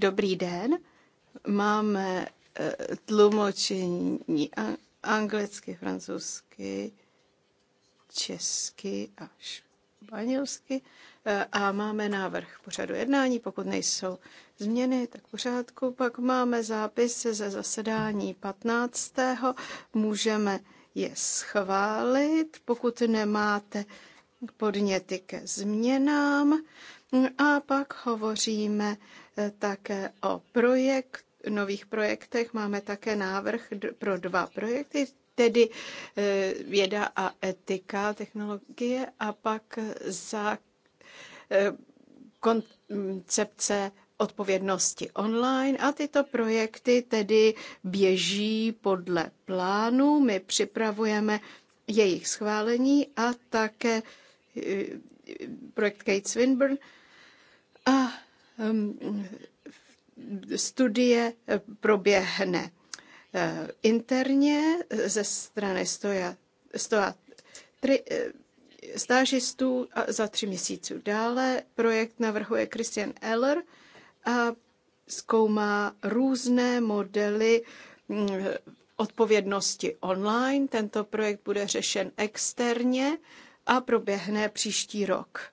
Dobrý den. Máme eh, tlumočení anglicky, francouzsky, česky a španělsky. Eh, a máme návrh pořadu jednání. Pokud nejsou změny, tak pořádku. Pak máme zápis ze zasedání 15. Můžeme je schválit. Pokud nemáte podněty ke změnám, No a pak hovoříme eh, také o projekt, nových projektech. Máme také návrh pro dva projekty, tedy eh, věda a etika, technologie a pak za eh, koncepce odpovědnosti online a tyto projekty tedy běží podle plánu. My připravujeme jejich schválení a také projekt Kate Swinburne a studie eh, proběhne eh, interně eh, ze strany stoja, stoja tri, stážistů a za tři měsíců. Dále projekt navrhuje Christian Eller a zkoumá různé modely mm, odpovědnosti online. Tento projekt bude řešen externě a proběhne příští rok.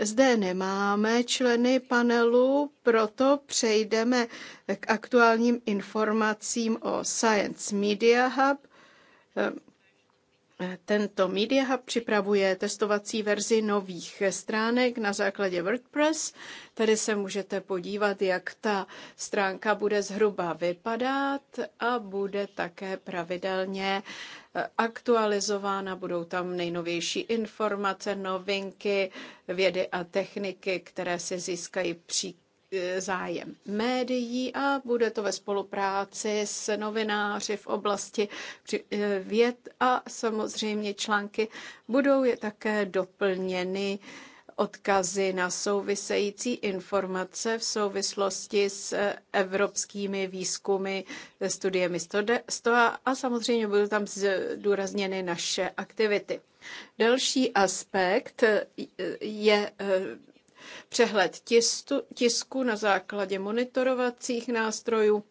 Zde nemáme členy panelu, proto přejdeme k aktuálním informacím o Science Media Hub, tento Media Hub připravuje testovací verzi nových stránek na základě WordPress. Tady se můžete podívat, jak ta stránka bude zhruba vypadat a bude také pravidelně eh, aktualizována. Budou tam nejnovější informace, novinky, vědy a techniky, které se získají při E, zájem médií a bude to ve spolupráci s novináři v oblasti e, věd a samozřejmě články budou je také doplněny odkazy na související informace v souvislosti s e, evropskými výzkumy, studiemi STOA a samozřejmě budou tam zdůrazněny naše aktivity. Další aspekt je přehled tisku na základě monitorovacích nástrojů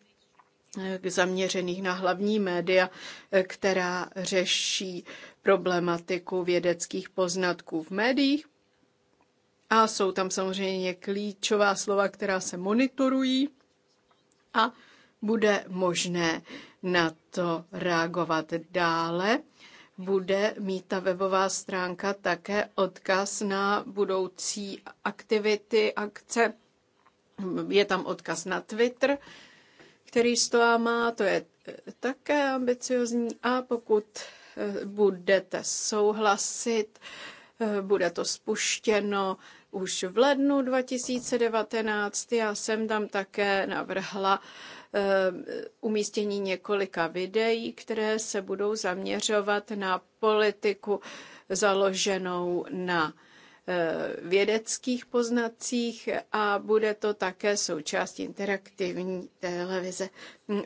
eh, zaměřených na hlavní média, eh, která řeší problematiku vědeckých poznatků v médiích. A jsou tam samozřejmě klíčová slova, která se monitorují a bude možné na to reagovat dále bude mít ta webová stránka také odkaz na budoucí aktivity, akce. Je tam odkaz na Twitter, který toho má, to je eh, také ambiciozní a pokud eh, budete souhlasit, eh, bude to spuštěno už v lednu 2019. Já jsem tam také navrhla Eh, umístění několika videí, které se budou zaměřovat na politiku založenou na eh, vědeckých poznacích a bude to také součást interaktivní televize.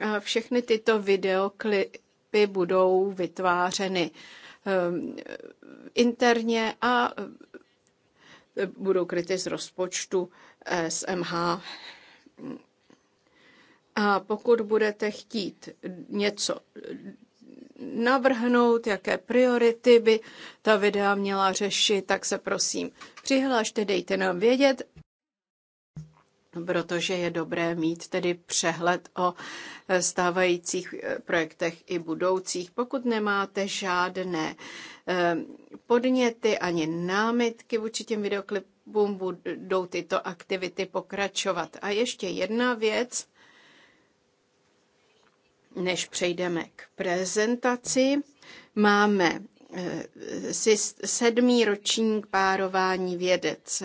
A všechny tyto videoklipy budou vytvářeny eh, interně a budou kryty z rozpočtu SMH. A pokud budete chtít něco navrhnout, jaké priority by ta videa měla řešit, tak se prosím přihlašte, dejte nám vědět, protože je dobré mít tedy přehled o stávajících eh, projektech i budoucích. Pokud nemáte žádné eh, podněty ani námitky vůči těm videoklipům, budou tyto aktivity pokračovat. A ještě jedna věc, než přejdeme k prezentaci, máme eh, sedmý ročník párování vědec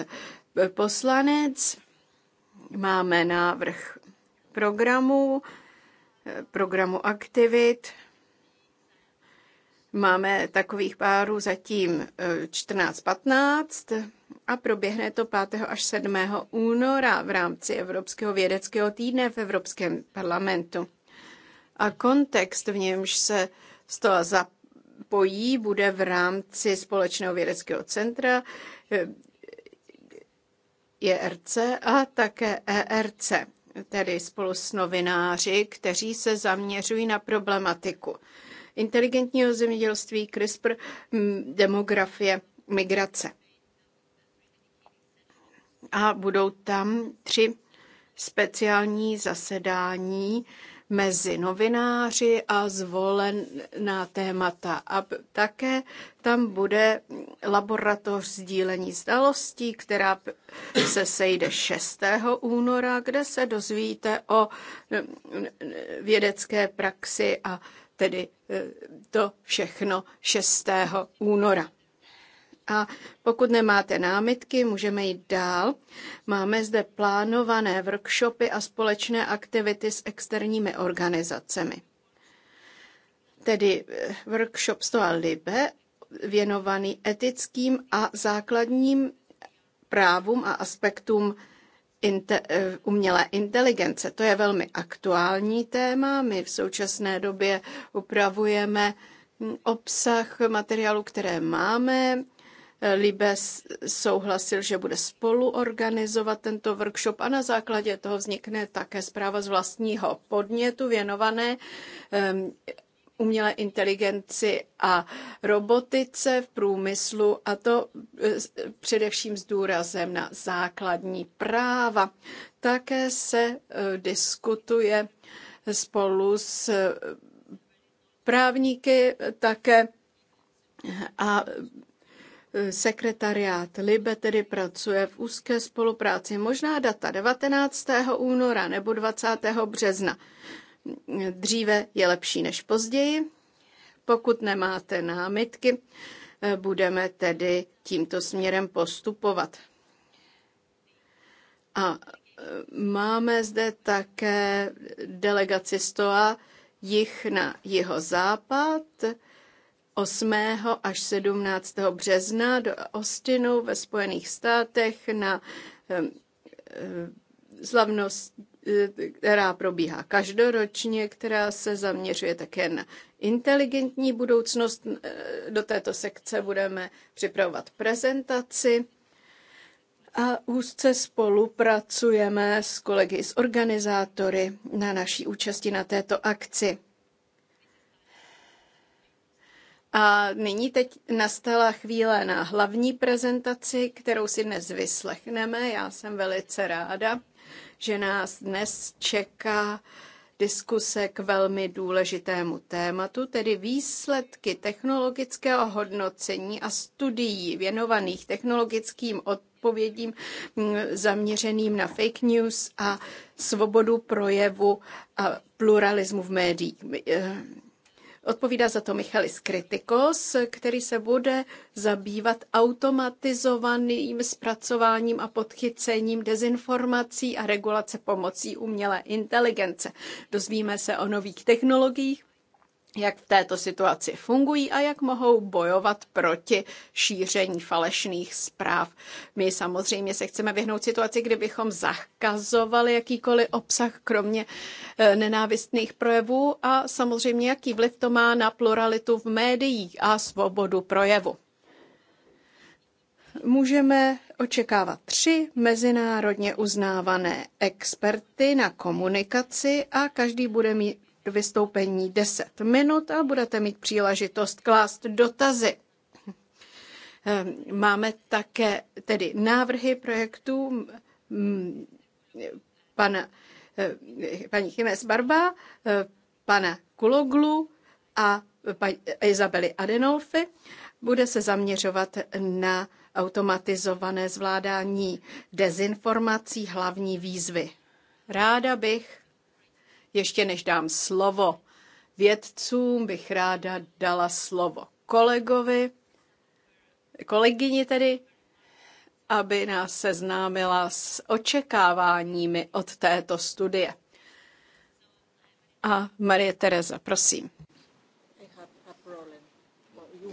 poslanec. Máme návrh programu, eh, programu aktivit. Máme takových párů zatím 14-15 eh, a proběhne to 5. až 7. února v rámci Evropského vědeckého týdne v Evropském parlamentu a kontext, v němž se toho zapojí, bude v rámci společného vědeckého centra JRC eh, e a také ERC, tedy spolu s novináři, kteří se zaměřují na problematiku inteligentního zemědělství, CRISPR, hm, demografie, migrace. A budou tam tři speciální zasedání mezi novináři a zvolená témata. A také tam bude laboratoř sdílení znalostí, která se sejde 6. února, kde se dozvíte o vědecké praxi a tedy e, to všechno 6. února. A pokud nemáte námitky, můžeme jít dál. Máme zde plánované workshopy a společné aktivity s externími organizacemi. Tedy eh, workshop Stoa Libe věnovaný etickým a základním právům a aspektům inte, eh, umělé inteligence. To je velmi aktuální téma. My v současné době upravujeme hm, obsah materiálu, které máme Libes souhlasil, že bude spolu organizovat tento workshop a na základě toho vznikne také zpráva z vlastního podnětu věnované umělé inteligenci a robotice v průmyslu, a to e, především s důrazem na základní práva. Také se e, diskutuje spolu s e, právníky také a Eh, sekretariát Libe tedy pracuje v úzké spolupráci. Možná data 19. února nebo 20. března. Dříve je lepší než později. Pokud nemáte námitky, eh, budeme tedy tímto směrem postupovat. A eh, máme zde také delegaci STOA jich na jeho západ 8. až 17. března do Austinu ve Spojených státech na slavnost, eh, která probíhá každoročně, která se zaměřuje také na inteligentní budoucnost. Eh, do této sekce budeme připravovat prezentaci a úzce spolupracujeme s kolegy s organizátory na naší účasti na této akci. A nyní teď nastala chvíle na hlavní prezentaci, kterou si dnes vyslechneme. Já jsem velice ráda, že nás dnes čeká diskuse k velmi důležitému tématu, tedy výsledky technologického hodnocení a studií věnovaných technologickým odpovědím mm, zaměřeným na fake news a svobodu projevu a pluralismu v médiích. Odpovídá za to Michalis Kritikos, který se bude zabývat automatizovaným zpracováním a podchycením dezinformací a regulace pomocí umělé inteligence. Dozvíme se o nových technologiích, jak v této situaci fungují a jak mohou bojovat proti šíření falešných zpráv. My samozřejmě se chceme vyhnout situaci, kdybychom zakazovali jakýkoliv obsah, kromě eh, nenávistných projevů a samozřejmě, jaký vliv to má na pluralitu v médiích a svobodu projevu. Můžeme očekávat tři mezinárodně uznávané experty na komunikaci a každý bude mít vystoupení 10 minut a budete mít příležitost klást dotazy. Ehm, máme také tedy návrhy projektů pana, eh, paní Chimes Barba, eh, pana Kuloglu a paní Izabely Adenolfy. Bude se zaměřovat na automatizované zvládání dezinformací hlavní výzvy. Ráda bych ještě než dám slovo vědcům, bych ráda dala slovo kolegovi, kolegyni tedy, aby nás seznámila s očekáváními od této studie. A Marie Tereza, prosím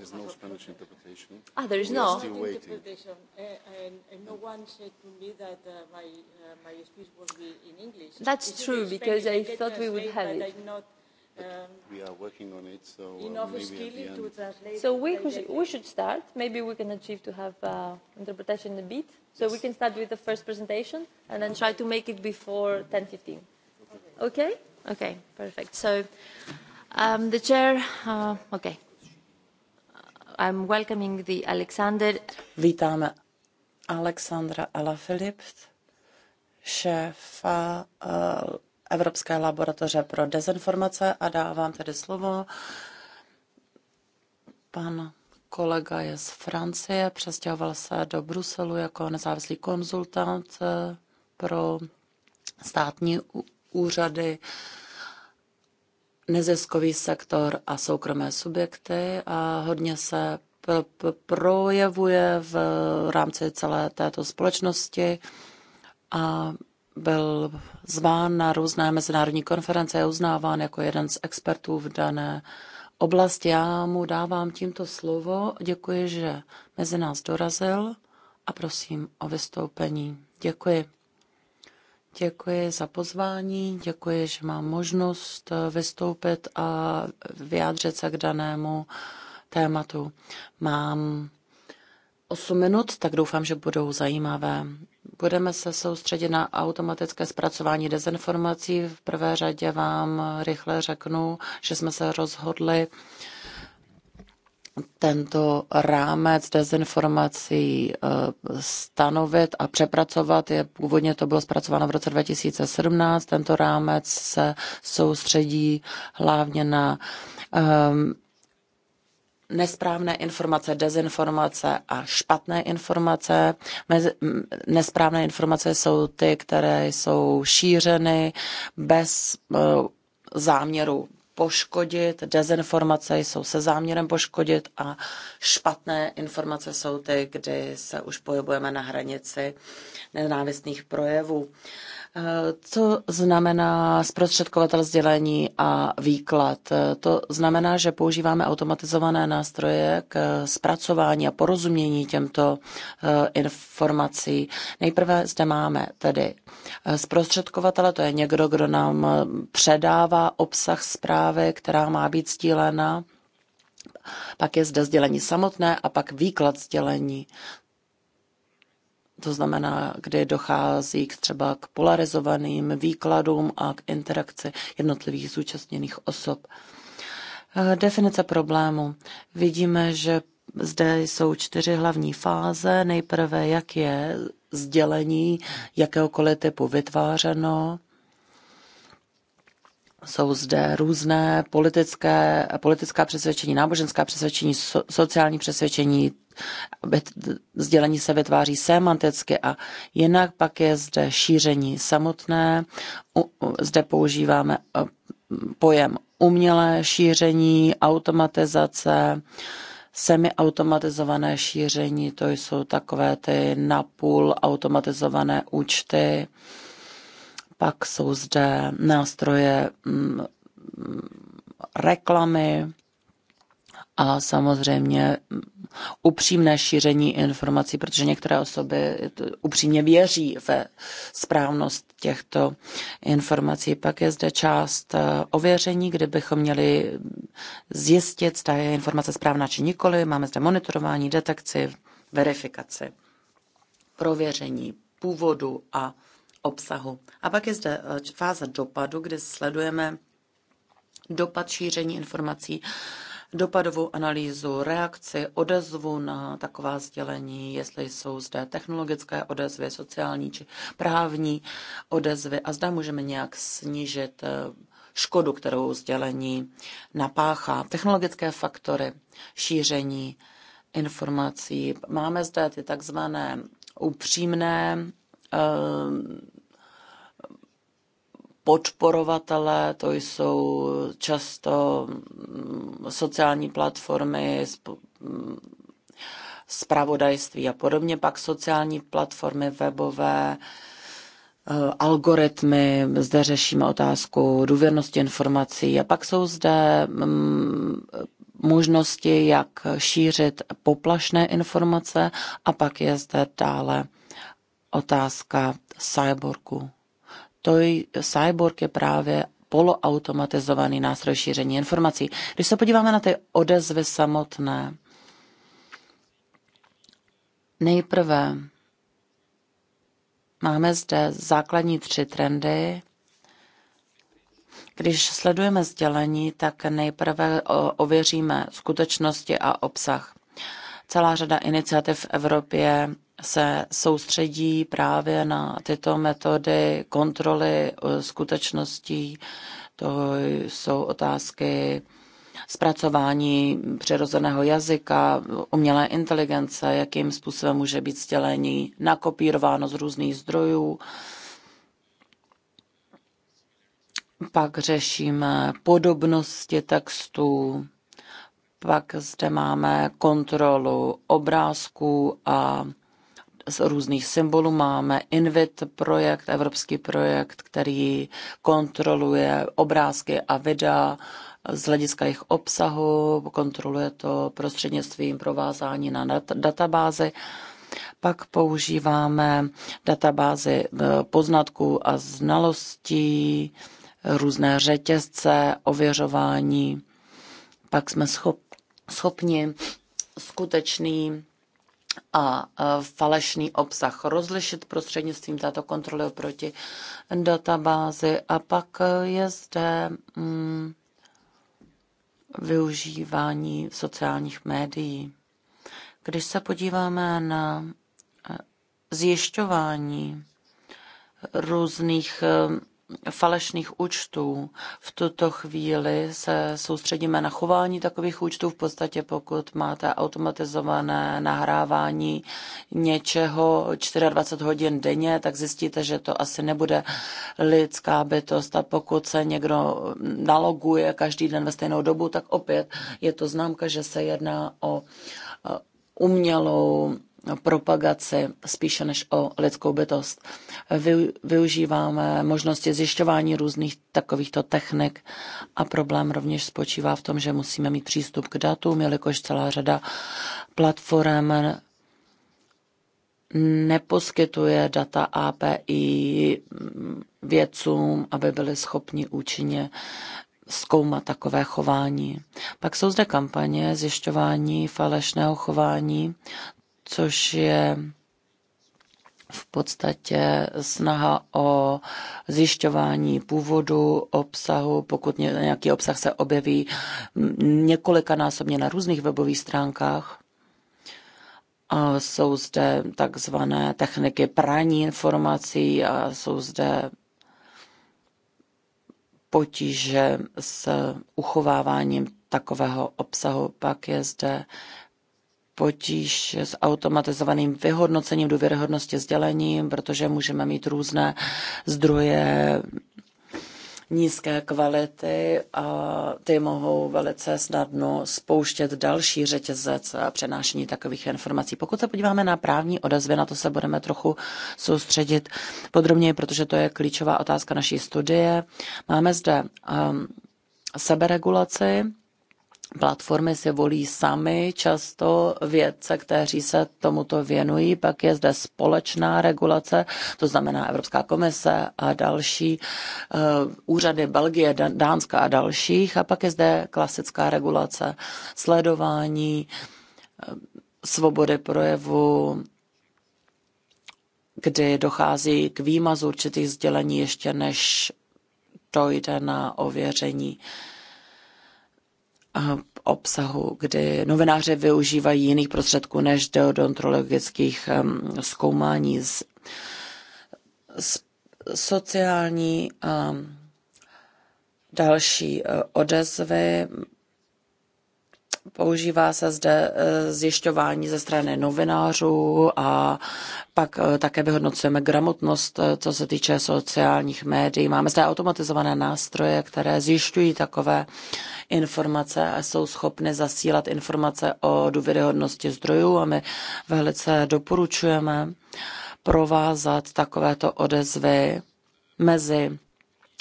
is no Spanish interpretation. Ah, there is we no. Are still waiting. Interpretation. Uh, and, and no one said to me that uh, my uh, my speech would be in English. That's it's true because I thought we would have it. not, um, we are working on it, so uh, maybe at the end. to translate. So we should, we should start. Maybe we can achieve to have uh, interpretation in a bit. So yes. we can start with the first presentation and then try to make it before 10:15. Okay. okay. Okay. Perfect. So. Um, the chair, uh, okay, I'm welcoming the Alexander. Vítáme Alexandra Alafilip, šéfa eh, Evropské laboratoře pro dezinformace a dávám tedy slovo. Pan kolega je z Francie, přestěhoval se do Bruselu jako nezávislý konzultant eh, pro státní úřady neziskový sektor a soukromé subjekty a hodně se projevuje v rámci celé této společnosti a byl zván na různé mezinárodní konference, a uznáván jako jeden z expertů v dané oblasti. Já mu dávám tímto slovo. Děkuji, že mezi nás dorazil a prosím o vystoupení. Děkuji. Děkuji za pozvání, děkuji, že mám možnost eh, vystoupit a vyjádřit se k danému tématu. Mám 8 minut, tak doufám, že budou zajímavé. Budeme se soustředit na automatické zpracování dezinformací. V prvé řadě vám rychle řeknu, že jsme se rozhodli uh, tento rámec dezinformací eh, stanovit a přepracovat. Je, původně to bylo zpracováno v roce 2017. Tento rámec se soustředí hlavně na um, nesprávné informace, dezinformace a špatné informace. Mezi, nesprávné informace jsou ty, které jsou šířeny bez uh, záměru poškodit, dezinformace jsou se záměrem poškodit a špatné informace jsou ty, kdy se už pohybujeme na hranici nenávistných projevů. Co znamená zprostředkovatel sdělení a výklad? To znamená, že používáme automatizované nástroje k zpracování a porozumění těmto eh, informací. Nejprve zde máme tedy eh, zprostředkovatele, to je někdo, kdo nám eh, předává obsah zprávy, která má být sdílena pak je zde sdělení samotné a pak výklad sdělení to znamená, kdy dochází k třeba k polarizovaným výkladům a k interakci jednotlivých zúčastněných osob. Eh, definice problému. Vidíme, že zde jsou čtyři hlavní fáze. Nejprve, jak je sdělení jakéhokoliv typu vytvářeno. Jsou zde různé politické, politická přesvědčení, náboženská přesvědčení, so, sociální přesvědčení, sdělení se vytváří semanticky a jinak pak je zde šíření samotné. Zde používáme e, pojem umělé šíření, automatizace, semiautomatizované šíření, to jsou takové ty napůl automatizované účty. Pak jsou zde nástroje mm, mm, reklamy a samozřejmě mm, upřímné šíření informací, protože některé osoby upřímně věří ve správnost těchto informací. Pak je zde část eh, ověření, kde bychom měli zjistit, zda je informace správná či nikoli. Máme zde monitorování, detekci, verifikaci, prověření původu a obsahu. A pak je zde eh, fáze dopadu, kde sledujeme dopad šíření informací dopadovou analýzu, reakci, odezvu na taková sdělení, jestli jsou zde technologické odezvy, sociální či právní odezvy a zda můžeme nějak snížit eh, škodu, kterou sdělení napáchá. Technologické faktory, šíření informací. Máme zde ty takzvané upřímné eh, podporovatelé, to jsou často mm, sociální platformy, spravodajství mm, a podobně, pak sociální platformy webové, eh, algoritmy, zde řešíme otázku důvěrnosti informací a pak jsou zde mm, možnosti, jak šířit poplašné informace a pak je zde dále otázka cyborgu toj Cyborg je právě poloautomatizovaný nástroj šíření informací. Když se podíváme na ty odezvy samotné, nejprve máme zde základní tři trendy. Když sledujeme sdělení, tak nejprve ověříme skutečnosti a obsah. Celá řada iniciativ v Evropě se soustředí právě na tyto metody kontroly eh, skutečností. To jsou otázky zpracování přirozeného jazyka, umělé inteligence, jakým způsobem může být sdělení nakopírováno z různých zdrojů. Pak řešíme podobnosti textů, pak zde máme kontrolu obrázků a z různých symbolů. Máme Invit projekt, evropský projekt, který kontroluje obrázky a videa z hlediska jejich obsahu, kontroluje to prostřednictvím provázání na dat- databázy. Pak používáme databázy eh, poznatků a znalostí, různé řetězce, ověřování. Pak jsme schop- schopni skutečný a falešný obsah rozlišit prostřednictvím této kontroly oproti databázi. A pak je zde mm, využívání sociálních médií. Když se podíváme na e, zjišťování různých e, falešných účtů. V tuto chvíli se soustředíme na chování takových účtů. V podstatě pokud máte automatizované nahrávání něčeho 24 hodin denně, tak zjistíte, že to asi nebude lidská bytost. A pokud se někdo naloguje každý den ve stejnou dobu, tak opět je to známka, že se jedná o e, umělou No, propagaci spíše než o lidskou bytost. Využíváme možnosti zjišťování různých takovýchto technik a problém rovněž spočívá v tom, že musíme mít přístup k datům, jelikož celá řada platform neposkytuje data API vědcům, aby byli schopni účinně zkoumat takové chování. Pak jsou zde kampaně zjišťování falešného chování což je v podstatě snaha o zjišťování původu obsahu, pokud nějaký obsah se objeví několikanásobně na různých webových stránkách. A jsou zde takzvané techniky praní informací a jsou zde potíže s uchováváním takového obsahu. Pak je zde potíž s automatizovaným vyhodnocením důvěryhodnosti sdělením, protože můžeme mít různé zdroje nízké kvality a ty mohou velice snadno spouštět další řetězec a přenášení takových informací. Pokud se podíváme na právní odezvy, na to se budeme trochu soustředit podrobněji, protože to je klíčová otázka naší studie. Máme zde um, seberegulaci, Platformy si volí sami často vědce, kteří se tomuto věnují. Pak je zde společná regulace, to znamená Evropská komise a další eh, úřady Belgie, Dánska a dalších. A pak je zde klasická regulace, sledování, eh, svobody projevu, kdy dochází k výmazu určitých sdělení ještě než dojde na ověření. Uh, Eh, obsahu, kdy novináři využívají jiných prostředků než deodontologických zkoumání z, z sociální a další eh, odezvy Používá se zde eh, zjišťování ze strany novinářů a pak eh, také vyhodnocujeme gramotnost, eh, co se týče sociálních médií. Máme zde automatizované nástroje, které zjišťují takové informace a jsou schopny zasílat informace o důvěryhodnosti zdrojů a my velice doporučujeme provázat takovéto odezvy mezi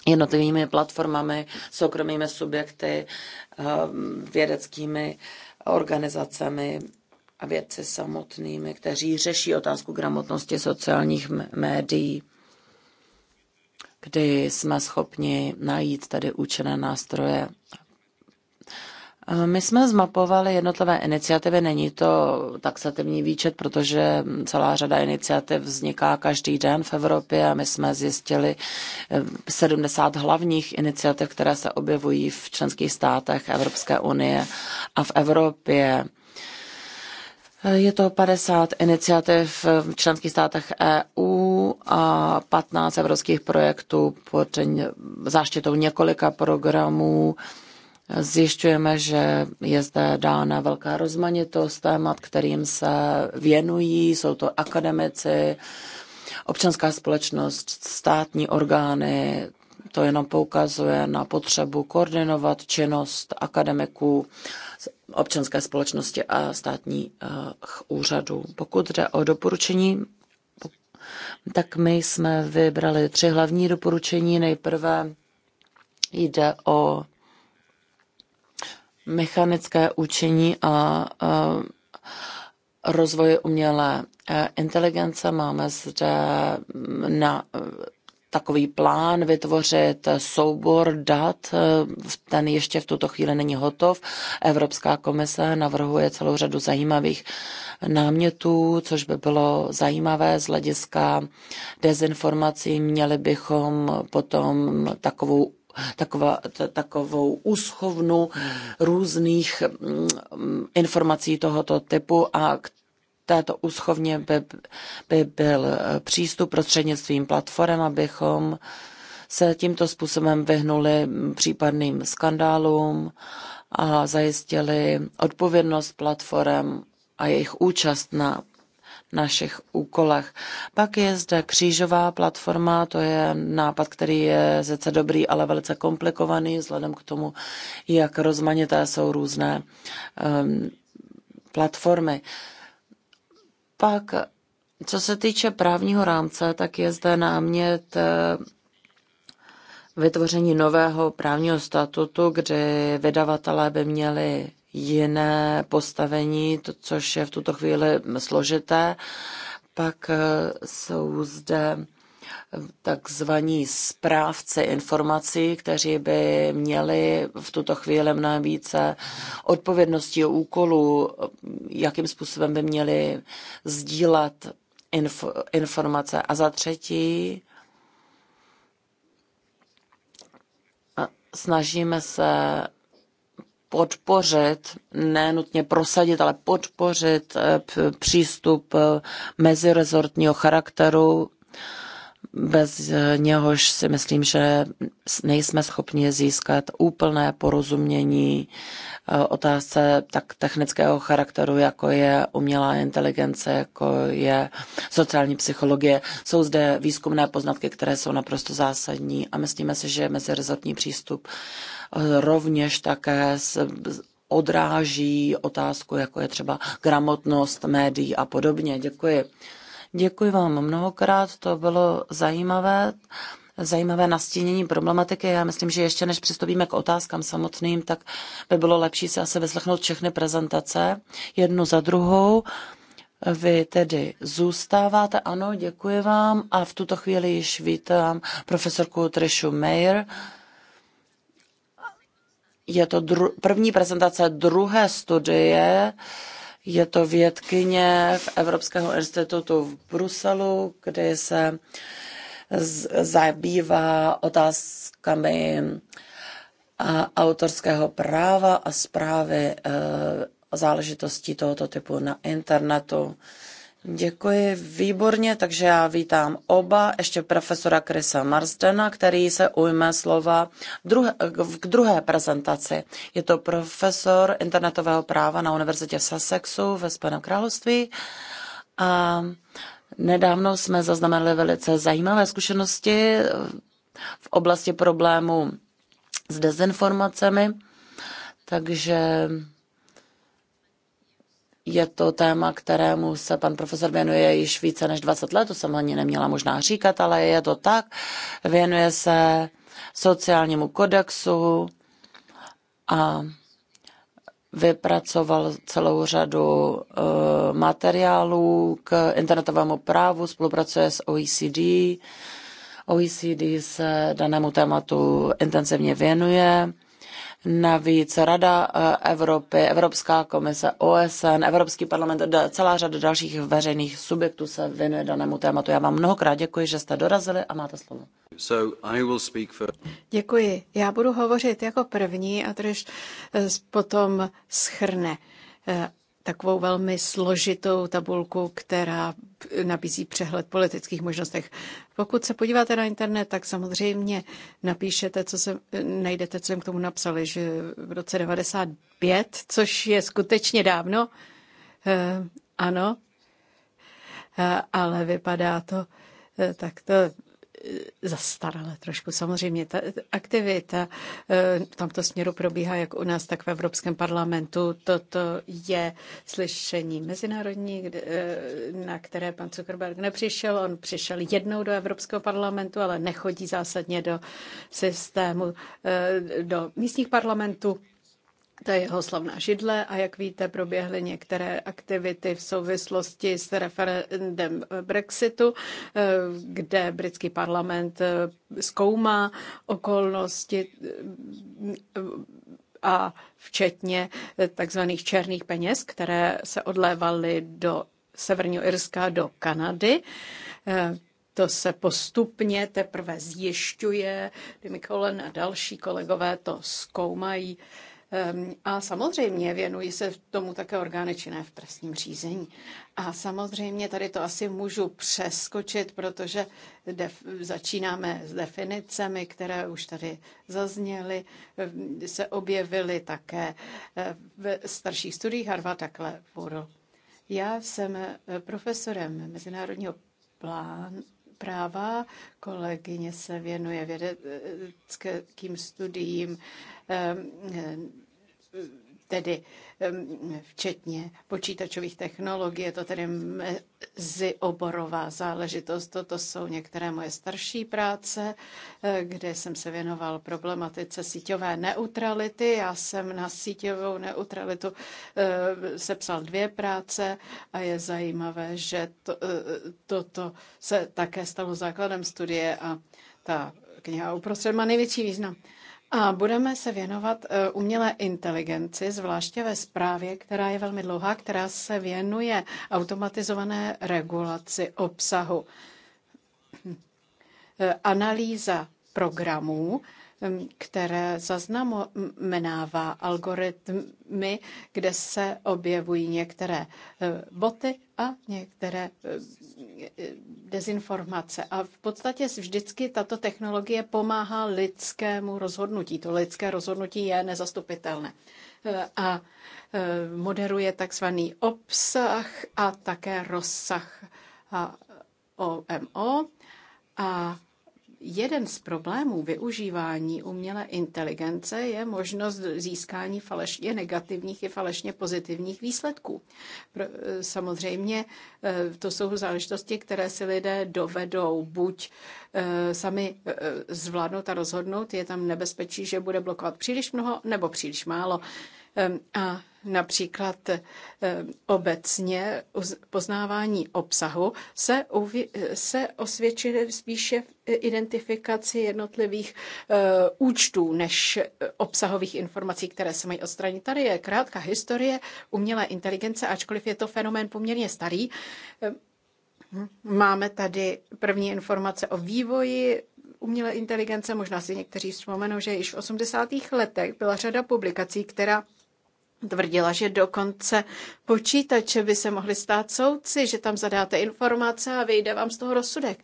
jednotlivými platformami, soukromými subjekty, ehm, vědeckými organizacemi a vědci samotnými, kteří řeší otázku gramotnosti sociálních médií, kdy jsme schopni najít tady účené nástroje my jsme zmapovali jednotlivé iniciativy, není to taxativní výčet, protože celá řada iniciativ vzniká každý den v Evropě a my jsme zjistili 70 eh, hlavních iniciativ, které se objevují v členských státech Evropské unie a v Evropě. Eh, je to 50 iniciativ v členských státech EU a 15 evropských projektů pod záštitou několika programů. Zjišťujeme, že je zde dána velká rozmanitost témat, kterým se věnují. Jsou to akademici, občanská společnost, státní orgány. To jenom poukazuje na potřebu koordinovat činnost akademiků, občanské společnosti a státních eh, úřadů. Pokud jde o doporučení, tak my jsme vybrali tři hlavní doporučení. Nejprve jde o mechanické učení a, a rozvoje umělé e, inteligence. Máme zde na takový plán vytvořit soubor dat. E, ten ještě v tuto chvíli není hotov. Evropská komise navrhuje celou řadu zajímavých námětů, což by bylo zajímavé z hlediska dezinformací. Měli bychom potom takovou taková, takovou úschovnu různých mm, informací tohoto typu a k této úschovně by, by byl přístup prostřednictvím platform, abychom se tímto způsobem vyhnuli případným skandálům a zajistili odpovědnost platform a jejich účast na našich úkolech. Pak je zde křížová platforma, to je nápad, který je sice dobrý, ale velice komplikovaný, vzhledem k tomu, jak rozmanité jsou různé um, platformy. Pak, co se týče právního rámce, tak je zde námět eh, vytvoření nového právního statutu, kdy vydavatelé by měli jiné postavení, to, což je v tuto chvíli složité. Pak eh, jsou zde takzvaní správce informací, kteří by měli v tuto chvíli mnohem více odpovědností a úkolů, jakým způsobem by měli sdílet informace. A za třetí, snažíme se podpořit, ne nutně prosadit, ale podpořit eh, přístup eh, mezirezortního charakteru, bez něhož si myslím, že nejsme schopni získat úplné porozumění eh, otázce tak technického charakteru, jako je umělá inteligence, jako je sociální psychologie. Jsou zde výzkumné poznatky, které jsou naprosto zásadní a myslíme si, že mezirezortní přístup rovněž také odráží otázku, jako je třeba gramotnost médií a podobně. Děkuji. Děkuji vám mnohokrát, to bylo zajímavé zajímavé nastínění problematiky. Já myslím, že ještě než přistoupíme k otázkám samotným, tak by bylo lepší se asi vyslechnout všechny prezentace, jednu za druhou. Vy tedy zůstáváte, ano, děkuji vám a v tuto chvíli již vítám profesorku Trishu Mayer je to dru- první prezentace druhé studie, je to vědkyně v Evropského institutu v Bruselu, kde se zabývá otázkami autorského práva a zprávy e, záležitostí tohoto typu na internetu. Děkuji, výborně, takže já vítám oba, ještě profesora Krisa Marstena, který se ujme slova druhé, k druhé prezentaci. Je to profesor internetového práva na Univerzitě v Sussexu ve Spojeném království a nedávno jsme zaznamenali velice zajímavé zkušenosti v oblasti problému s dezinformacemi, takže je to téma, kterému se pan profesor věnuje již více než 20 let, to jsem ani neměla možná říkat, ale je to tak. Věnuje se sociálnímu kodexu a vypracoval celou řadu uh, materiálů k internetovému právu, spolupracuje s OECD. OECD se danému tématu intenzivně věnuje. Navíc Rada eh, Evropy, Evropská komise, OSN, Evropský parlament, celá řada dalších veřejných subjektů se věnuje danému tématu. Já vám mnohokrát děkuji, že jste dorazili a máte slovo. So I will speak for... Děkuji. Já budu hovořit jako první a Trž eh, potom schrne eh, takovou velmi složitou tabulku, která nabízí přehled politických možnostech. Pokud se podíváte na internet, tak samozřejmě napíšete, co se najdete, co jsem k tomu napsali, že v roce 95, což je skutečně dávno, eh, ano, eh, ale vypadá to eh, takto zastaralé trošku. Samozřejmě ta aktivita eh, v tomto směru probíhá jak u nás, tak v Evropském parlamentu. Toto je slyšení mezinárodní, eh, na které pan Zuckerberg nepřišel. On přišel jednou do Evropského parlamentu, ale nechodí zásadně do systému, eh, do místních parlamentů to je jeho slavná židle a jak víte, proběhly některé aktivity v souvislosti s referendem Brexitu, eh, kde britský parlament eh, zkoumá okolnosti eh, a včetně takzvaných černých peněz, které se odlévaly do Severního Irska, do Kanady. To se postupně teprve zjišťuje. Dimikolen a další kolegové to zkoumají. Ehm, a samozřejmě věnují se tomu také orgány činné v trestním řízení. A samozřejmě tady to asi můžu přeskočit, protože def- začínáme s definicemi, které už tady zazněly, ehm, se objevily také ehm, v starších studiích Harvard a Clefuru. Já jsem profesorem mezinárodního plán, práva. Kolegyně se věnuje vědeckým studiím tedy včetně počítačových technologií. Je to tedy mezioborová záležitost. Toto jsou některé moje starší práce, eh, kde jsem se věnoval problematice síťové neutrality. Já jsem na síťovou neutralitu eh, sepsal dvě práce a je zajímavé, že to, eh, toto se také stalo základem studie a ta kniha uprostřed má největší význam. A budeme se věnovat eh, umělé inteligenci, zvláště ve zprávě, která je velmi dlouhá, která se věnuje automatizované regulaci obsahu. Eh, analýza programů které zaznamenává algoritmy, kde se objevují některé eh, boty a některé eh, dezinformace. A v podstatě vždycky tato technologie pomáhá lidskému rozhodnutí. To lidské rozhodnutí je nezastupitelné. Eh, a moderuje takzvaný obsah a také rozsah a OMO. A Jeden z problémů využívání umělé inteligence je možnost získání falešně negativních i falešně pozitivních výsledků. E, samozřejmě e, to jsou záležitosti, které si lidé dovedou buď e, sami zvládnout a rozhodnout, je tam nebezpečí, že bude blokovat příliš mnoho nebo příliš málo. A například eh, obecně poznávání obsahu, se, uvě, se osvědčily spíše v identifikaci jednotlivých uh, účtů než eh, obsahových informací, které se mají odstranit. Tady je krátká historie umělé inteligence, ačkoliv je to fenomén poměrně starý. Máme tady první informace o vývoji umělé inteligence. Možná si někteří vzpomenou, že již v 80. letech byla řada publikací, která Tvrdila, že dokonce počítače by se mohli stát soudci, že tam zadáte informace a vyjde vám z toho rozsudek.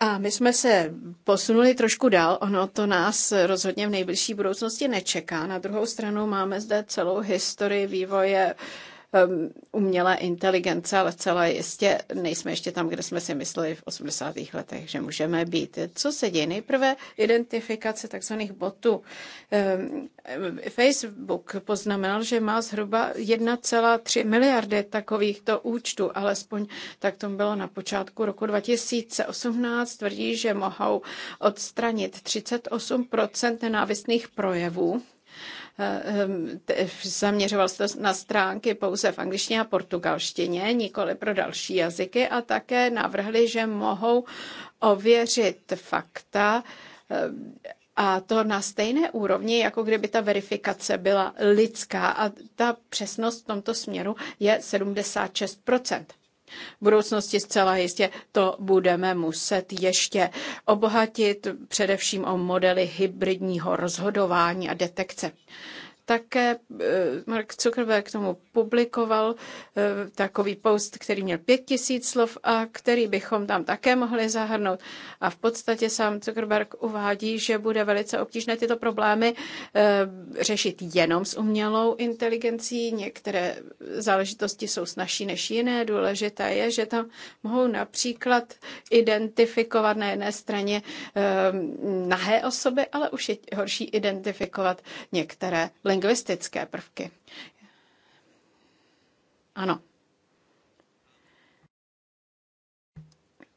A my jsme se posunuli trošku dál. Ono to nás rozhodně v nejbližší budoucnosti nečeká. Na druhou stranu máme zde celou historii vývoje uh, Ehm, umělé inteligence, ale celé jistě nejsme ještě tam, kde jsme si mysleli v 80. letech, že můžeme být. Co se děje? Nejprve identifikace takzvaných botů. Ehm, Facebook poznamenal, že má zhruba 1,3 miliardy takovýchto účtů, alespoň tak tomu bylo na počátku roku 2018. Tvrdí, že mohou odstranit 38% nenávistných projevů Eh, ehm, zaměřoval se na stránky pouze v angličtině a portugalštině, nikoli pro další jazyky a také navrhli, že mohou ověřit fakta eh, a to na stejné úrovni, jako kdyby ta verifikace byla lidská a ta přesnost v tomto směru je 76%. V budoucnosti zcela jistě to budeme muset ještě obohatit především o modely hybridního rozhodování a detekce. Také eh, Mark Zuckerberg k tomu publikoval eh, takový post, který měl pět tisíc slov a který bychom tam také mohli zahrnout. A v podstatě sám Zuckerberg uvádí, že bude velice obtížné tyto problémy eh, řešit jenom s umělou inteligencí. Některé záležitosti jsou snažší než jiné. Důležité je, že tam mohou například identifikovat na jedné straně nahé osoby, ale už je horší identifikovat některé lidi lingvistické prvky. Ano.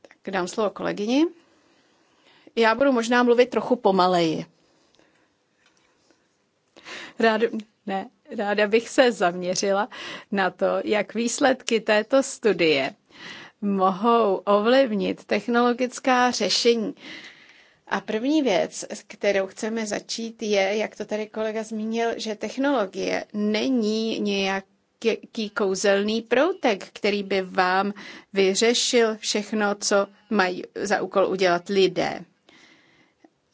Tak dám slovo kolegyni. Já budu možná mluvit trochu pomaleji. Rád, ne, ráda bych se zaměřila na to, jak výsledky této studie mohou ovlivnit technologická řešení a první věc, s kterou chceme začít, je, jak to tady kolega zmínil, že technologie není nějak nějaký kouzelný proutek, který by vám vyřešil všechno, co mají za úkol udělat lidé.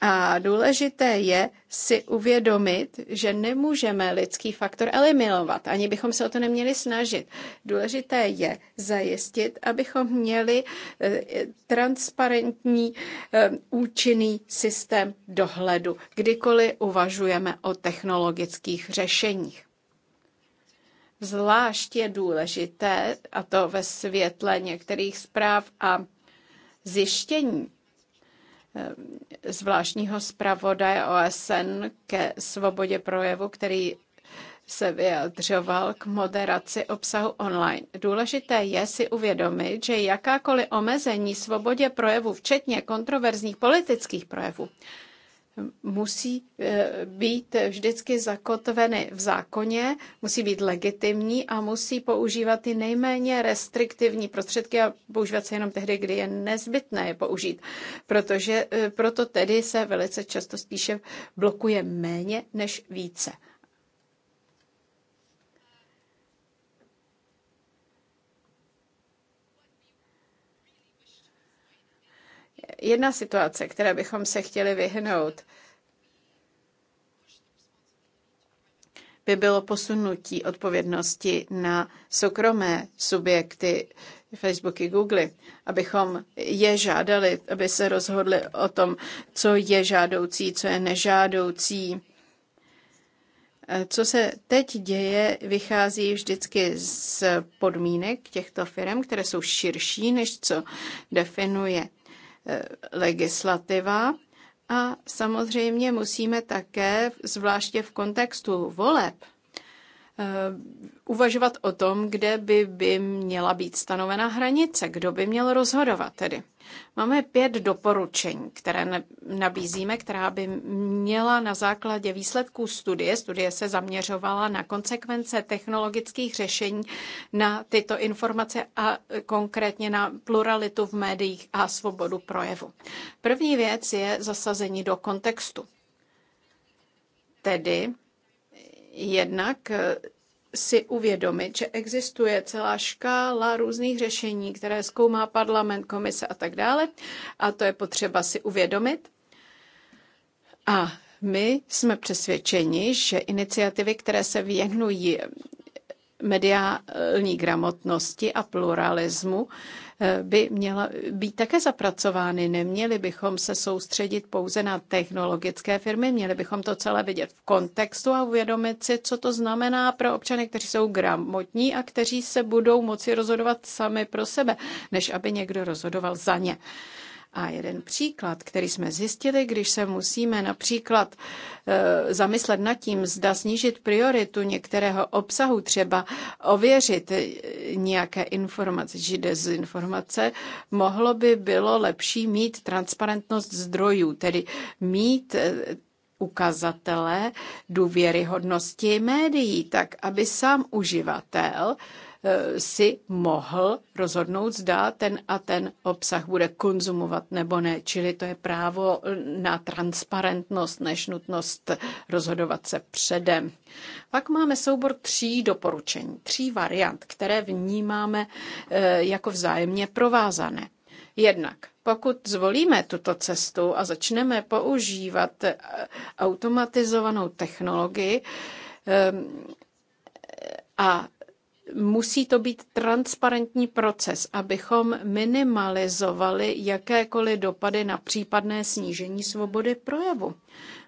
A důležité je si uvědomit, že nemůžeme lidský faktor eliminovat, ani bychom se o to neměli snažit. Důležité je zajistit, abychom měli e, transparentní, e, účinný systém dohledu, kdykoliv uvažujeme o technologických řešeních. Zvlášť je důležité, a to ve světle některých zpráv a zjištění, Eh, zvláštního zpravodaje OSN ke svobodě projevu, který se vyjadřoval k moderaci obsahu online. Důležité je si uvědomit, že jakákoliv omezení svobodě projevu, včetně kontroverzních politických projevů, musí eh, být vždycky zakotveny v zákoně, musí být legitimní a musí používat ty nejméně restriktivní prostředky a používat se jenom tehdy, kdy je nezbytné je použít. Protože eh, proto tedy se velice často spíše blokuje méně než více. Jedna situace, které bychom se chtěli vyhnout, by bylo posunutí odpovědnosti na soukromé subjekty Facebooky, Google, abychom je žádali, aby se rozhodli o tom, co je žádoucí, co je nežádoucí. Co se teď děje, vychází vždycky z podmínek těchto firm, které jsou širší, než co definuje Eh, legislativa. A samozřejmě musíme také, zvláště v kontextu voleb, Eh, uvažovat o tom, kde by, by měla být stanovena hranice, kdo by měl rozhodovat tedy. Máme pět doporučení, které nabízíme, která by měla na základě výsledků studie, studie se zaměřovala na konsekvence technologických řešení, na tyto informace a eh, konkrétně na pluralitu v médiích a svobodu projevu. První věc je zasazení do kontextu. Tedy Jednak eh, si uvědomit, že existuje celá škála různých řešení, které zkoumá parlament, komise a tak dále. A to je potřeba si uvědomit. A my jsme přesvědčeni, že iniciativy, které se věnují mediální gramotnosti a pluralismu eh, by měla být také zapracovány. Neměli bychom se soustředit pouze na technologické firmy, měli bychom to celé vidět v kontextu a uvědomit si, co to znamená pro občany, kteří jsou gramotní a kteří se budou moci rozhodovat sami pro sebe, než aby někdo rozhodoval za ně. A jeden příklad, který jsme zjistili, když se musíme například eh, zamyslet nad tím, zda snížit prioritu některého obsahu, třeba ověřit eh, nějaké informace či dezinformace, mohlo by bylo lepší mít transparentnost zdrojů, tedy mít eh, ukazatele důvěryhodnosti médií, tak aby sám uživatel Eh, si mohl rozhodnout, zda ten a ten obsah bude konzumovat nebo ne. Čili to je právo na transparentnost než nutnost rozhodovat se předem. Pak máme soubor tří doporučení, tří variant, které vnímáme eh, jako vzájemně provázané. Jednak, pokud zvolíme tuto cestu a začneme používat eh, automatizovanou technologii a Musí to být transparentní proces, abychom minimalizovali jakékoliv dopady na případné snížení svobody projevu.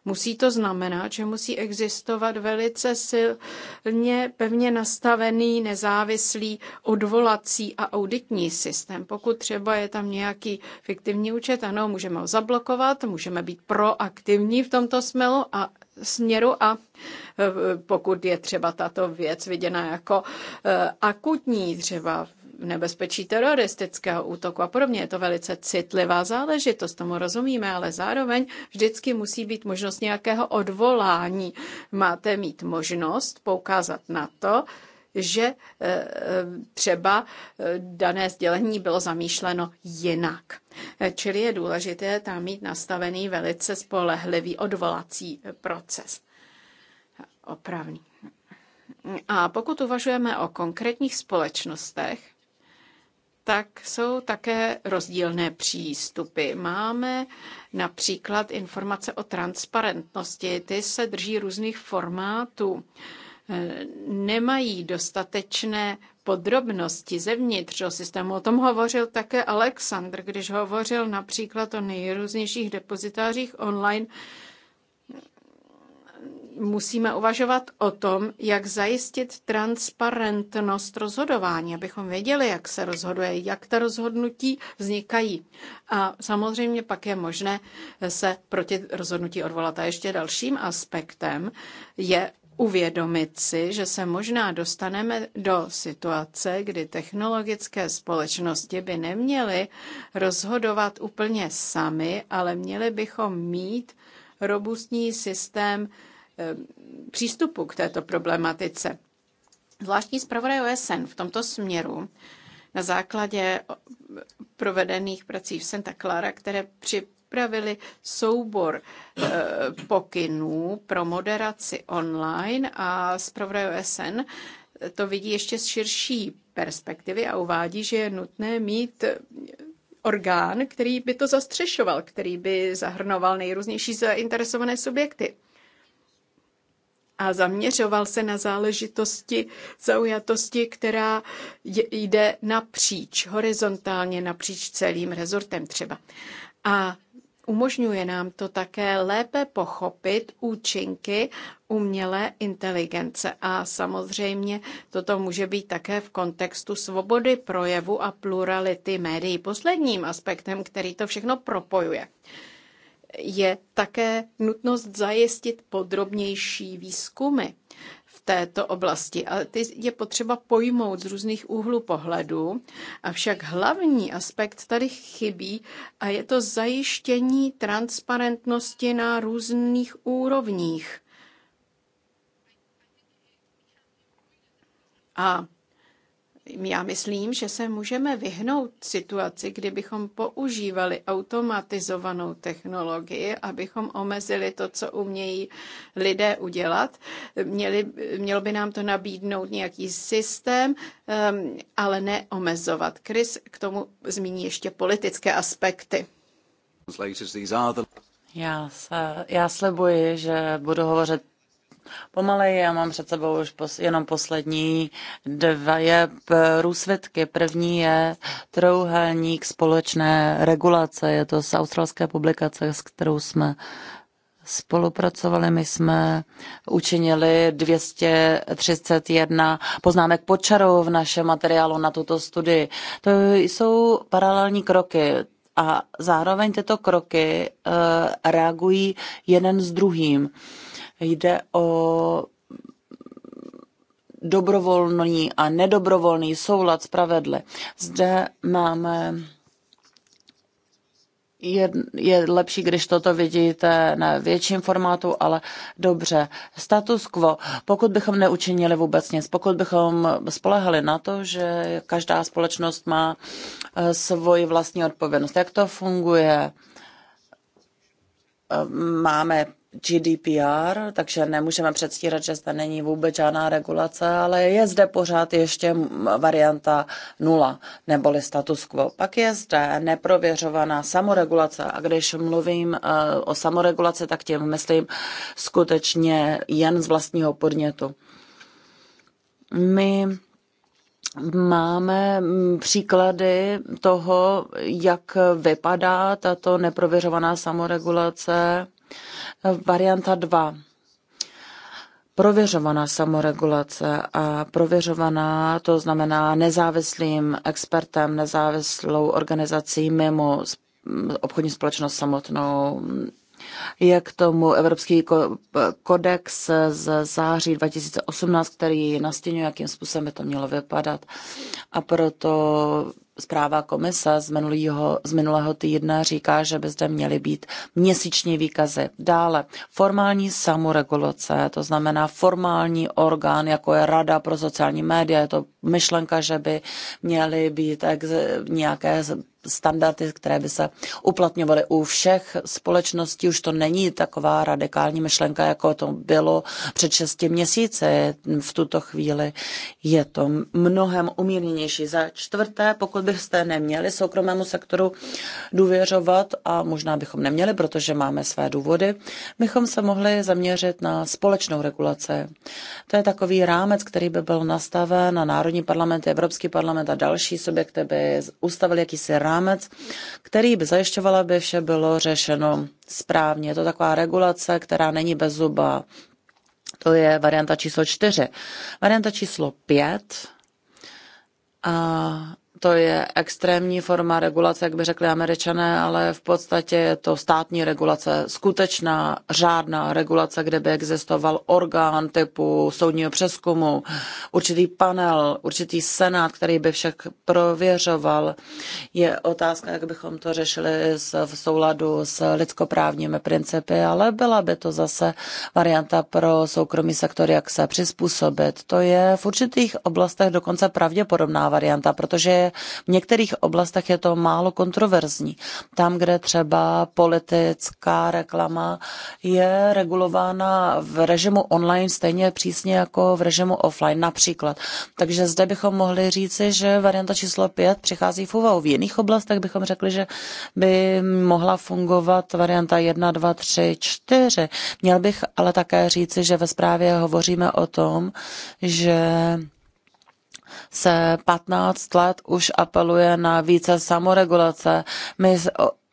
Musí to znamenat, že musí existovat velice silně pevně nastavený, nezávislý odvolací a auditní systém. Pokud třeba je tam nějaký fiktivní účet, ano, můžeme ho zablokovat, můžeme být proaktivní v tomto smelu a směru a e, pokud je třeba tato věc viděna jako e, akutní třeba nebezpečí teroristického útoku a podobně. Je to velice citlivá záležitost, tomu rozumíme, ale zároveň vždycky musí být možnost nějakého odvolání. Máte mít možnost poukázat na to, že e, e, třeba e, dané sdělení bylo zamýšleno jinak. Čili je důležité tam mít nastavený velice spolehlivý odvolací proces opravný. A pokud uvažujeme o konkrétních společnostech, tak jsou také rozdílné přístupy. Máme například informace o transparentnosti, ty se drží různých formátů, nemají dostatečné podrobnosti zevnitř o systému. O tom hovořil také Alexandr, když hovořil například o nejrůznějších depozitářích online, musíme uvažovat o tom, jak zajistit transparentnost rozhodování, abychom věděli, jak se rozhoduje, jak ta rozhodnutí vznikají. A samozřejmě pak je možné se proti rozhodnutí odvolat. A ještě dalším aspektem je uvědomit si, že se možná dostaneme do situace, kdy technologické společnosti by neměly rozhodovat úplně sami, ale měli bychom mít robustní systém Eh, přístupu k této problematice. Zvláštní zpravodaj OSN v tomto směru na základě provedených prací v Santa Clara, které připravili soubor eh, pokynů pro moderaci online a zpravodaj OSN to vidí ještě z širší perspektivy a uvádí, že je nutné mít orgán, který by to zastřešoval, který by zahrnoval nejrůznější zainteresované subjekty a zaměřoval se na záležitosti zaujatosti, která jde napříč, horizontálně napříč celým rezortem třeba. A umožňuje nám to také lépe pochopit účinky umělé inteligence. A samozřejmě toto může být také v kontextu svobody projevu a plurality médií. Posledním aspektem, který to všechno propojuje je také nutnost zajistit podrobnější výzkumy v této oblasti. A ty je potřeba pojmout z různých úhlů pohledu. Avšak hlavní aspekt tady chybí a je to zajištění transparentnosti na různých úrovních. A já myslím, že se můžeme vyhnout situaci, kdybychom používali automatizovanou technologii, abychom omezili to, co umějí lidé udělat. Měli, mělo by nám to nabídnout nějaký systém, ehm, ale ne omezovat. Chris k tomu zmíní ještě politické aspekty. Já, se, já slibuji, že budu hovořit Pomalej já mám před sebou už pos, jenom poslední dva je průsvitky. První je trouhelník společné regulace. Je to z australské publikace, s kterou jsme spolupracovali. My jsme učinili 231 poznámek pod čarou v našem materiálu na tuto studii. To jsou paralelní kroky a zároveň tyto kroky eh, reagují jeden s druhým. Jde o dobrovolný a nedobrovolný soulad spravedle. Zde máme je, je lepší, když toto vidíte na větším formátu, ale dobře. Status quo. Pokud bychom neučinili vůbec nic, pokud bychom spolehali na to, že každá společnost má eh, svoji vlastní odpovědnost. Jak to funguje? Eh, máme GDPR, takže nemůžeme předstírat, že zde není vůbec žádná regulace, ale je zde pořád ještě varianta nula, neboli status quo. Pak je zde neprověřovaná samoregulace a když mluvím e, o samoregulaci, tak tím myslím skutečně jen z vlastního podnětu. My máme příklady toho, jak vypadá tato neprověřovaná samoregulace Varianta 2. Prověřovaná samoregulace a prověřovaná, to znamená nezávislým expertem, nezávislou organizací mimo obchodní společnost samotnou, je k tomu Evropský kodex z září 2018, který nastěňuje, jakým způsobem by to mělo vypadat. A proto zpráva komisa z minulýho, z minulého týdne říká, že by zde měly být měsíční výkazy. Dále formální samoregulace, to znamená formální orgán, jako je Rada pro sociální média, je to myšlenka, že by měly být nějaké standardy, které by se uplatňovaly u všech společností. Už to není taková radikální myšlenka, jako to bylo před 6 měsíce. V tuto chvíli je to mnohem umírněnější. Za čtvrté, pokud byste neměli soukromému sektoru důvěřovat, a možná bychom neměli, protože máme své důvody, bychom se mohli zaměřit na společnou regulaci. To je takový rámec, který by byl nastaven na Národní parlament, Evropský parlament a další subjekty by ustavili jakýsi rámec rámec, který by zajišťoval, aby vše bylo řešeno správně. Je to taková regulace, která není bez zuba. To je varianta číslo čtyři. Varianta číslo pět a to je extrémní forma regulace, jak by řekli američané, ale v podstatě je to státní regulace, skutečná, řádná regulace, kde by existoval orgán typu soudního přeskumu, určitý panel, určitý senát, který by však prověřoval. Je otázka, jak bychom to řešili v souladu s lidskoprávními principy, ale byla by to zase varianta pro soukromý sektor, jak se přizpůsobit. To je v určitých oblastech dokonce pravděpodobná varianta, protože v některých oblastech je to málo kontroverzní. Tam, kde třeba politická reklama je regulována v režimu online stejně přísně jako v režimu offline například. Takže zde bychom mohli říci, že varianta číslo 5 přichází v úvahu. V jiných oblastech bychom řekli, že by mohla fungovat varianta 1, 2, 3, 4. Měl bych ale také říci, že ve zprávě hovoříme o tom, že se 15 let už apeluje na více samoregulace. My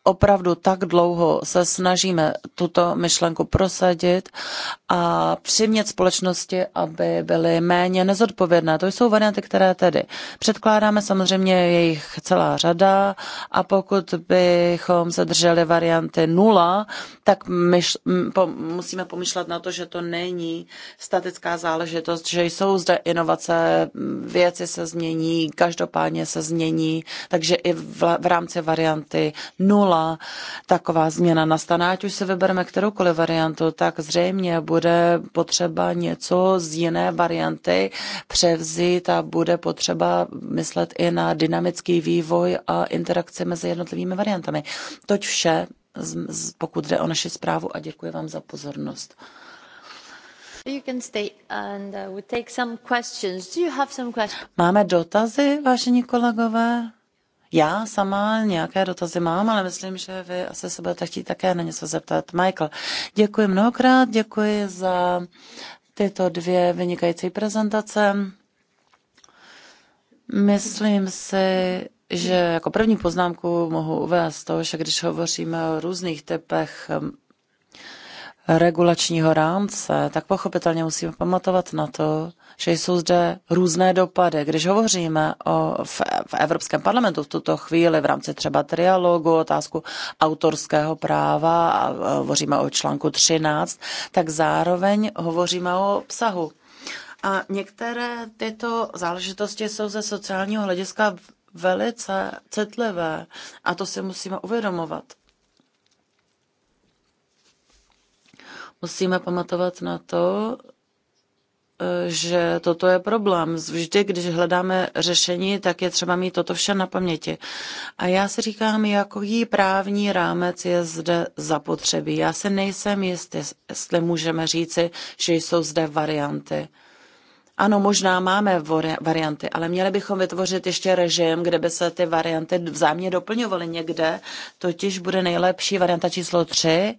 opravdu tak dlouho se snažíme tuto myšlenku prosadit a přimět společnosti, aby byly méně nezodpovědné. To jsou varianty, které tedy předkládáme, samozřejmě jejich celá řada a pokud bychom se drželi varianty nula, tak myš, po, musíme pomyšlet na to, že to není statická záležitost, že jsou zde inovace, věci se změní, každopádně se změní, takže i v, v rámci varianty nula jakmile taková změna nastane, ať už se vybereme kteroukoliv variantu, tak zřejmě bude potřeba něco z jiné varianty převzít a bude potřeba myslet i na dynamický vývoj a interakci mezi jednotlivými variantami. Toť vše, pokud jde o naši zprávu a děkuji vám za pozornost. Máme dotazy, vážení kolegové? Já sama nějaké dotazy mám, ale myslím, že vy asi se budete chtít také na něco zeptat. Michael, děkuji mnohokrát, děkuji za tyto dvě vynikající prezentace. Myslím si, že jako první poznámku mohu uvést to, že když hovoříme o různých typech regulačního rámce, tak pochopitelně musíme pamatovat na to, že jsou zde různé dopady. Když hovoříme o, v, v Evropském parlamentu v tuto chvíli v rámci třeba trialogu, otázku autorského práva, a hovoříme o článku 13, tak zároveň hovoříme o obsahu. A některé tyto záležitosti jsou ze sociálního hlediska velice citlivé a to si musíme uvědomovat. Musíme pamatovat na to, eh, že toto je problém. Vždy, když hledáme řešení, tak je třeba mít toto vše na paměti. A já si říkám, jaký právní rámec je zde zapotřebí. Já se nejsem jistý, jestli můžeme říci, že jsou zde varianty. Ano, možná máme varianty, ale měli bychom vytvořit ještě režim, kde by se ty varianty vzájemně doplňovaly někde. Totiž bude nejlepší varianta číslo 3,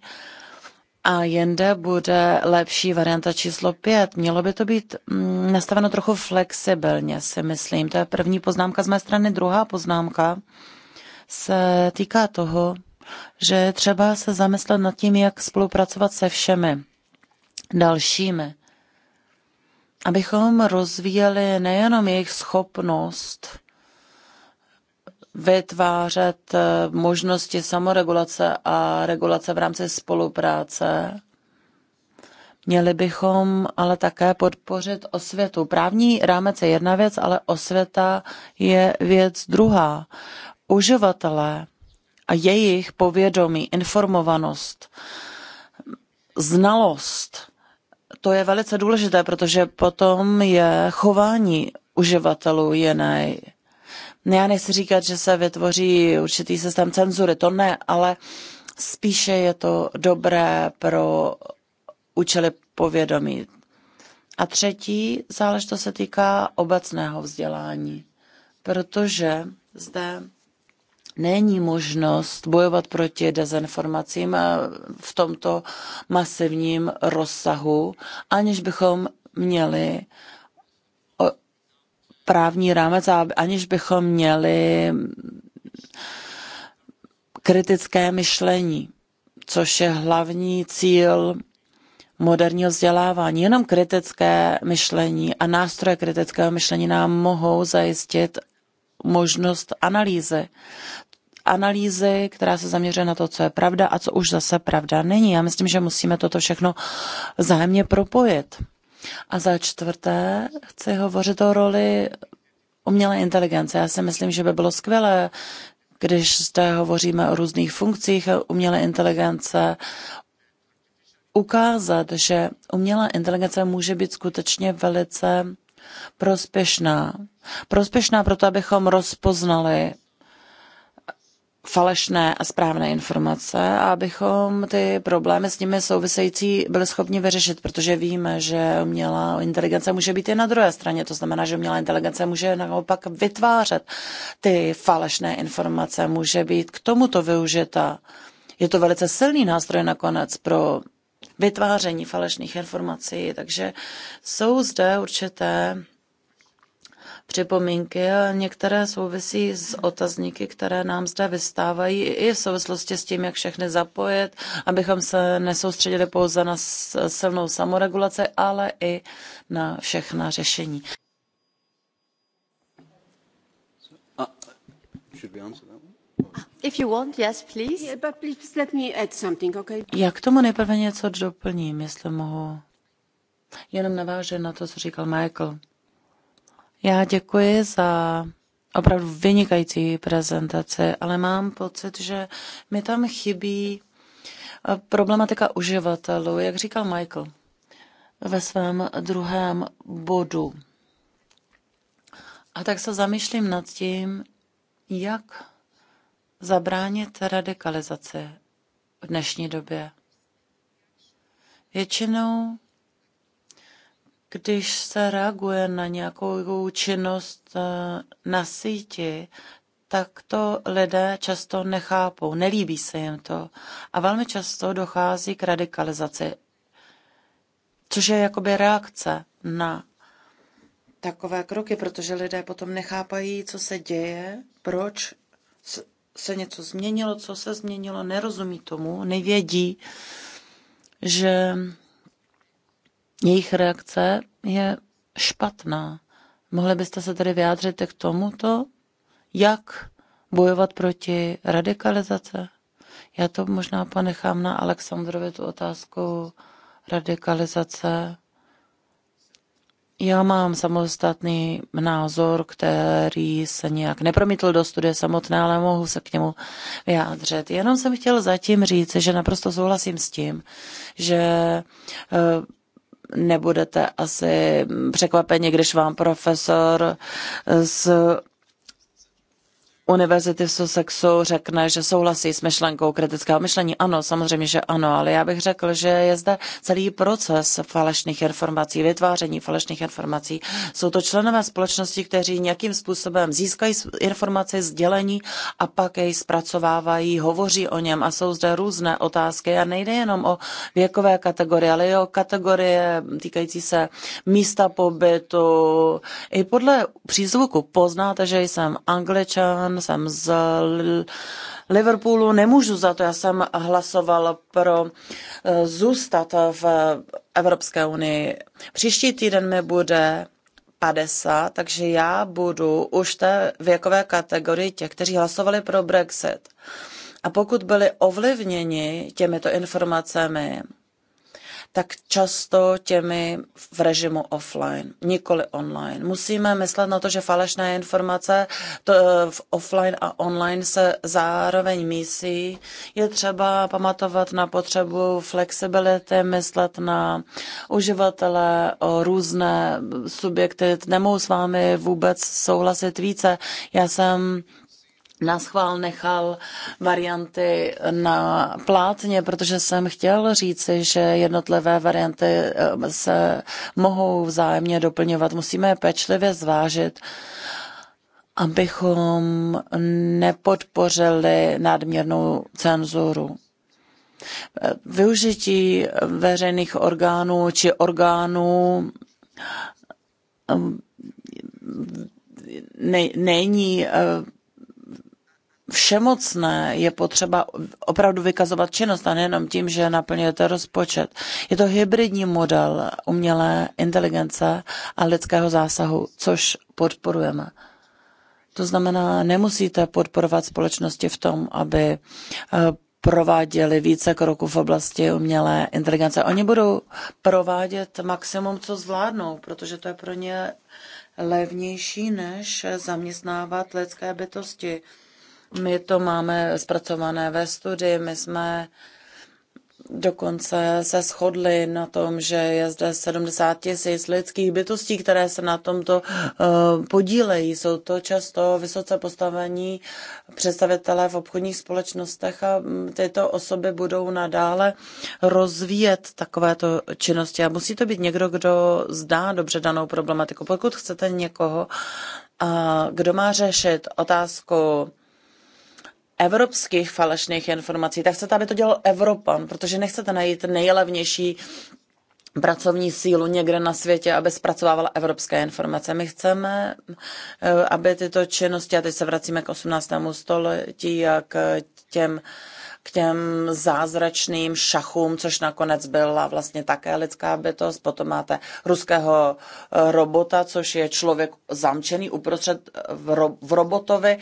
a jinde bude lepší varianta číslo pět. Mělo by to být mm, nastaveno trochu flexibilně, si myslím. To je první poznámka z mé strany. Druhá poznámka se týká toho, že třeba se zamyslet nad tím, jak spolupracovat se všemi dalšími. Abychom rozvíjeli nejenom jejich schopnost vytvářet eh, možnosti samoregulace a regulace v rámci spolupráce. Měli bychom ale také podpořit osvětu. Právní rámec je jedna věc, ale osvěta je věc druhá. Uživatelé a jejich povědomí, informovanost, znalost, to je velice důležité, protože potom je chování uživatelů jiné. No já nechci říkat, že se vytvoří určitý systém cenzury, to ne, ale spíše je to dobré pro účely povědomí. A třetí záležitost se týká obecného vzdělání, protože zde není možnost bojovat proti dezinformacím v tomto masivním rozsahu, aniž bychom měli právní rámec, aniž bychom měli kritické myšlení, což je hlavní cíl moderního vzdělávání. Jenom kritické myšlení a nástroje kritického myšlení nám mohou zajistit možnost analýzy. Analýzy, která se zaměřuje na to, co je pravda a co už zase pravda není. Já myslím, že musíme toto všechno zájemně propojit. A za čtvrté chci hovořit o roli umělé inteligence. Já si myslím, že by bylo skvělé, když zde hovoříme o různých funkcích umělé inteligence, ukázat, že umělá inteligence může být skutečně velice prospěšná. Prospěšná proto, abychom rozpoznali falešné a správné informace a abychom ty problémy s nimi související byli schopni vyřešit, protože víme, že umělá inteligence může být i na druhé straně. To znamená, že umělá inteligence může naopak vytvářet ty falešné informace, může být k tomuto využita. Je to velice silný nástroj nakonec pro vytváření falešných informací, takže jsou zde určité připomínky a některé souvisí s otazníky, které nám zde vystávají i v souvislosti s tím, jak všechny zapojit, abychom se nesoustředili pouze na silnou samoregulaci, ale i na všechna řešení. If you want, yes, please. Yeah, but please let me add something, okay? Jak tomu nejprve něco doplním, jestli mohu. Jenom naváže na to, co říkal Michael. Já děkuji za opravdu vynikající prezentaci, ale mám pocit, že mi tam chybí eh, problematika uživatelů, jak říkal Michael ve svém druhém bodu. A tak se zamýšlím nad tím, jak zabránit radikalizaci v dnešní době. Většinou když se reaguje na nějakou činnost eh, na síti, tak to lidé často nechápou, nelíbí se jim to a velmi často dochází k radikalizaci, což je jakoby reakce na takové kroky, protože lidé potom nechápají, co se děje, proč se něco změnilo, co se změnilo, nerozumí tomu, nevědí, že jejich reakce je špatná. Mohli byste se tedy vyjádřit k tomuto, jak bojovat proti radikalizace? Já to možná ponechám na Alexandrovi tu otázku radikalizace. Já mám samostatný názor, který se nějak nepromítl do studie samotné, ale mohu se k němu vyjádřit. Jenom jsem chtěl zatím říct, že naprosto souhlasím s tím, že eh, nebudete asi překvapeni, když vám profesor z univerzity v Sussexu řekne, že souhlasí s myšlenkou kritického myšlení. Ano, samozřejmě, že ano, ale já bych řekl, že je zde celý proces falešných informací, vytváření falešných informací. Jsou to členové společnosti, kteří nějakým způsobem získají informace, sdělení a pak jej zpracovávají, hovoří o něm a jsou zde různé otázky a nejde jenom o věkové kategorie, ale i o kategorie týkající se místa pobytu. I podle přízvuku poznáte, že jsem angličan, jsem, z Liverpoolu, nemůžu za to, já jsem hlasoval pro eh, zůstat v Evropské unii. Příští týden mi bude 50, takže já budu už té věkové kategorii těch, kteří hlasovali pro Brexit. A pokud byli ovlivněni těmito informacemi, tak často těmi v režimu offline, nikoli online. Musíme myslet na to, že falešné informace to eh, v offline a online se zároveň mísí. Je třeba pamatovat na potřebu flexibility, myslet na uživatele, o různé subjekty. Nemohu s vámi vůbec souhlasit více. Já jsem na schvál nechal varianty na plátně, protože jsem chtěl říci, že jednotlivé varianty eh, se mohou vzájemně doplňovat. Musíme je pečlivě zvážit, abychom nepodpořili nadměrnou cenzuru. Eh, využití veřejných orgánů či orgánů eh, není všemocné, je potřeba opravdu vykazovat činnost a nejenom tím, že naplňujete rozpočet. Je to hybridní model umělé inteligence a lidského zásahu, což podporujeme. To znamená, nemusíte podporovat společnosti v tom, aby eh, prováděli více kroků v oblasti umělé inteligence. Oni budou provádět maximum, co zvládnou, protože to je pro ně levnější, než zaměstnávat lidské bytosti. My to máme zpracované ve studii, my jsme dokonce se shodli na tom, že je zde 70 tisíc lidských bytostí, které se na tomto eh, podílejí. Jsou to často vysoce postavení představitelé v obchodních společnostech a mm, tyto osoby budou nadále rozvíjet takovéto činnosti. A musí to být někdo, kdo zdá dobře danou problematiku. Pokud chcete někoho, kdo má řešit otázku evropských falešných informací, tak chcete, aby to dělal Evropan, protože nechcete najít nejlevnější pracovní sílu někde na světě, aby zpracovávala evropské informace. My chceme, eh, aby tyto činnosti, a teď se vracíme k 18. století a k těm uh, k těm zázračným šachům, což nakonec byla vlastně také lidská bytost. Potom máte ruského eh, robota, což je člověk zamčený uprostřed eh, v, ro- v robotovi.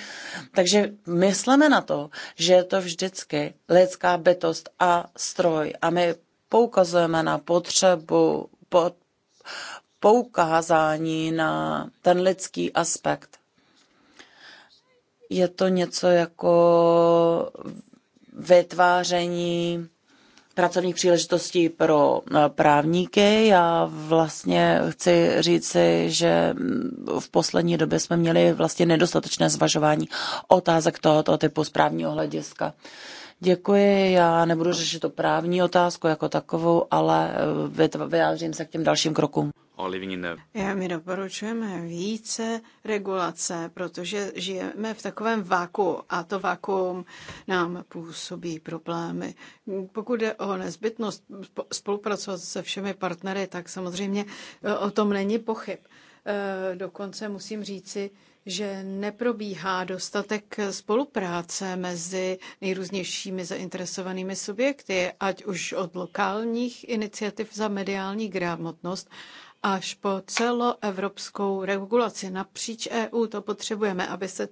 Takže mysleme na to, že je to vždycky lidská bytost a stroj. A my poukazujeme na potřebu pod poukázání na ten lidský aspekt. Je to něco jako vytváření pracovních příležitostí pro eh, právníky. Já vlastně chci říci, že mm, v poslední době jsme měli vlastně nedostatečné zvažování otázek tohoto typu z právního hlediska. Děkuji, já nebudu řešit tu právní otázku jako takovou, ale eh, vyjádřím se k těm dalším krokům. My doporučujeme více regulace, protože žijeme v takovém váku a to vákuum nám působí problémy. Pokud je o nezbytnost spolupracovat se všemi partnery, tak samozřejmě e, o tom není pochyb. E, dokonce musím říci, že neprobíhá dostatek spolupráce mezi nejrůznějšími zainteresovanými subjekty, ať už od lokálních iniciativ za mediální gramotnost až po celoevropskou regulaci napříč EU. To potřebujeme, aby se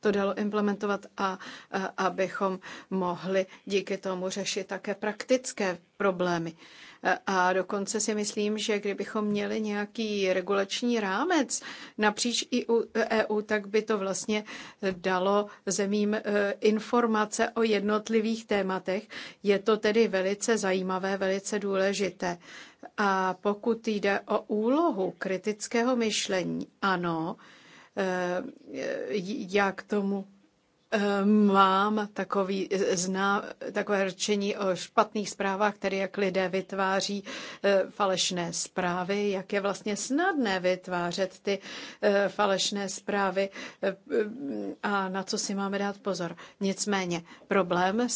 to dalo implementovat a, a abychom mohli díky tomu řešit také praktické problémy. A dokonce si myslím, že kdybychom měli nějaký regulační rámec napříč EU, e tak by to vlastně dalo zemím e, informace o jednotlivých tématech. Je to tedy velice zajímavé, velice důležité. A pokud jde o úlohu kritického myšlení, ano, eh, já k tomu Mám takový, zná, takové řečení o špatných zprávách, které jak lidé vytváří e, falešné zprávy, jak je vlastně snadné vytvářet ty e, falešné zprávy e, a na co si máme dát pozor. Nicméně problém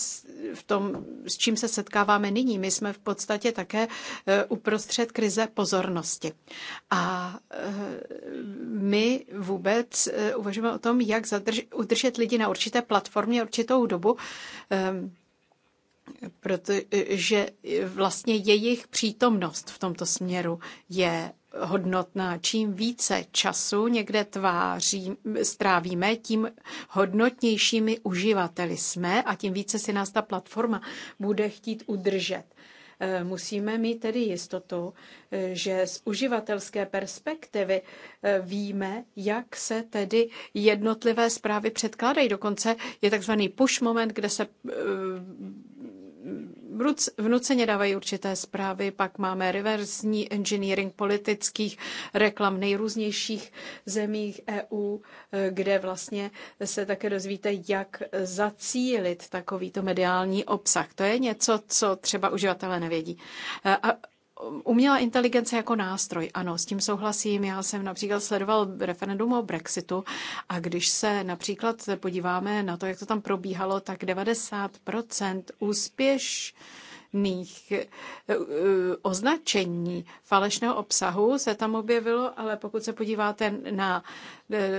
v tom, s čím se setkáváme nyní, my jsme v podstatě také uprostřed krize pozornosti. A my vůbec uvažujeme o tom, jak zadrž, udržet lidi na určitě určité platformě určitou dobu, ehm, protože vlastně jejich přítomnost v tomto směru je hodnotná. Čím více času někde tváří, strávíme, tím hodnotnějšími uživateli jsme a tím více si nás ta platforma bude chtít udržet. Eh, musíme mít tedy jistotu, eh, že z uživatelské perspektivy eh, víme, jak se tedy jednotlivé zprávy předkládají. Dokonce je takzvaný push moment, kde se vnuceně dávají určité zprávy, pak máme reverzní engineering politických reklam v nejrůznějších zemích EU, eh, kde vlastně se také dozvíte, jak zacílit takovýto mediální obsah. To je něco, co třeba uživatelé nevědí. Eh, a umělá inteligence jako nástroj. Ano, s tím souhlasím. Já jsem například sledoval referendum o Brexitu a když se například podíváme na to, jak to tam probíhalo, tak 90% úspěš různých eh, eh, označení falešného obsahu se tam objevilo, ale pokud se podíváte na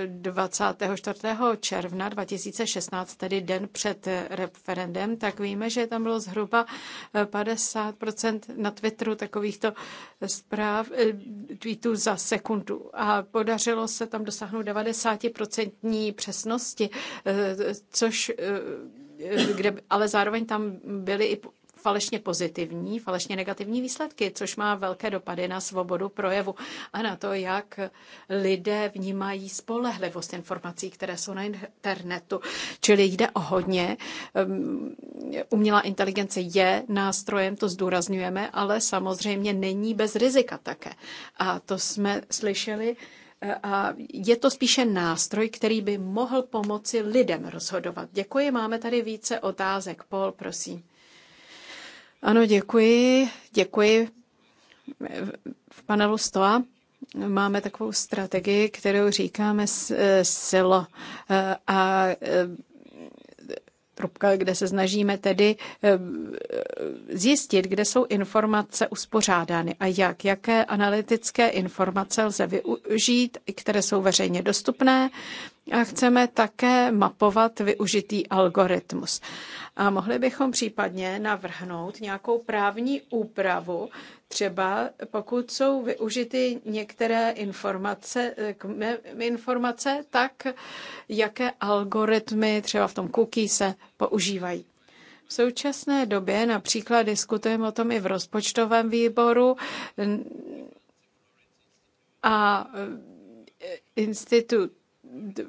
24. Eh, června 2016, tedy den před referendem, tak víme, že tam bylo zhruba 50% na Twitteru takovýchto zpráv, tweetů za sekundu. A podařilo se tam dosáhnout 90% přesnosti, což kde, ale zároveň tam byly i falešně pozitivní, falešně negativní výsledky, což má velké dopady na svobodu projevu a na to, jak lidé vnímají spolehlivost informací, které jsou na internetu. Čili jde o hodně. Umělá inteligence je nástrojem, to zdůrazňujeme, ale samozřejmě není bez rizika také. A to jsme slyšeli e, a je to spíše nástroj, který by mohl pomoci lidem rozhodovat. Děkuji, máme tady více otázek. Paul, prosím. Ano, děkuji. Děkuji. V panelu STOA máme takovou strategii, kterou říkáme silo. Eh, eh, a eh, trubka, kde se snažíme tedy zjistit, kde jsou informace uspořádány a jak, jaké analytické informace lze využít, které jsou veřejně dostupné a chceme také mapovat využitý algoritmus. A mohli bychom případně navrhnout nějakou právní úpravu, třeba pokud jsou využity některé informace, eh, informace tak jaké algoritmy třeba v tom cookie se používají. V současné době například diskutujeme o tom i v rozpočtovém výboru a eh, institut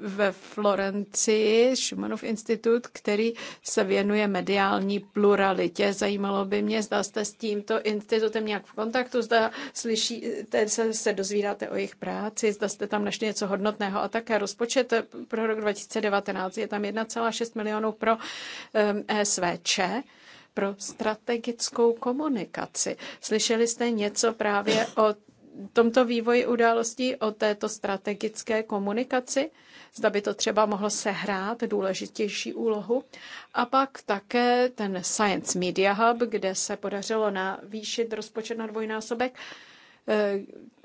ve Florencii Šumanov institut, který se věnuje mediální pluralitě. Zajímalo by mě, zda jste s tímto institutem nějak v kontaktu, zda slyšíte, se, se dozvídáte o jejich práci, zda jste tam našli něco hodnotného a také rozpočet pro rok 2019 je tam 1,6 milionů pro um, SVČ pro strategickou komunikaci. Slyšeli jste něco právě o tomto vývoji událostí, o této strategické komunikaci, zda by to třeba mohlo sehrát důležitější úlohu. A pak také ten Science Media Hub, kde se podařilo navýšit rozpočet na dvojnásobek, eh,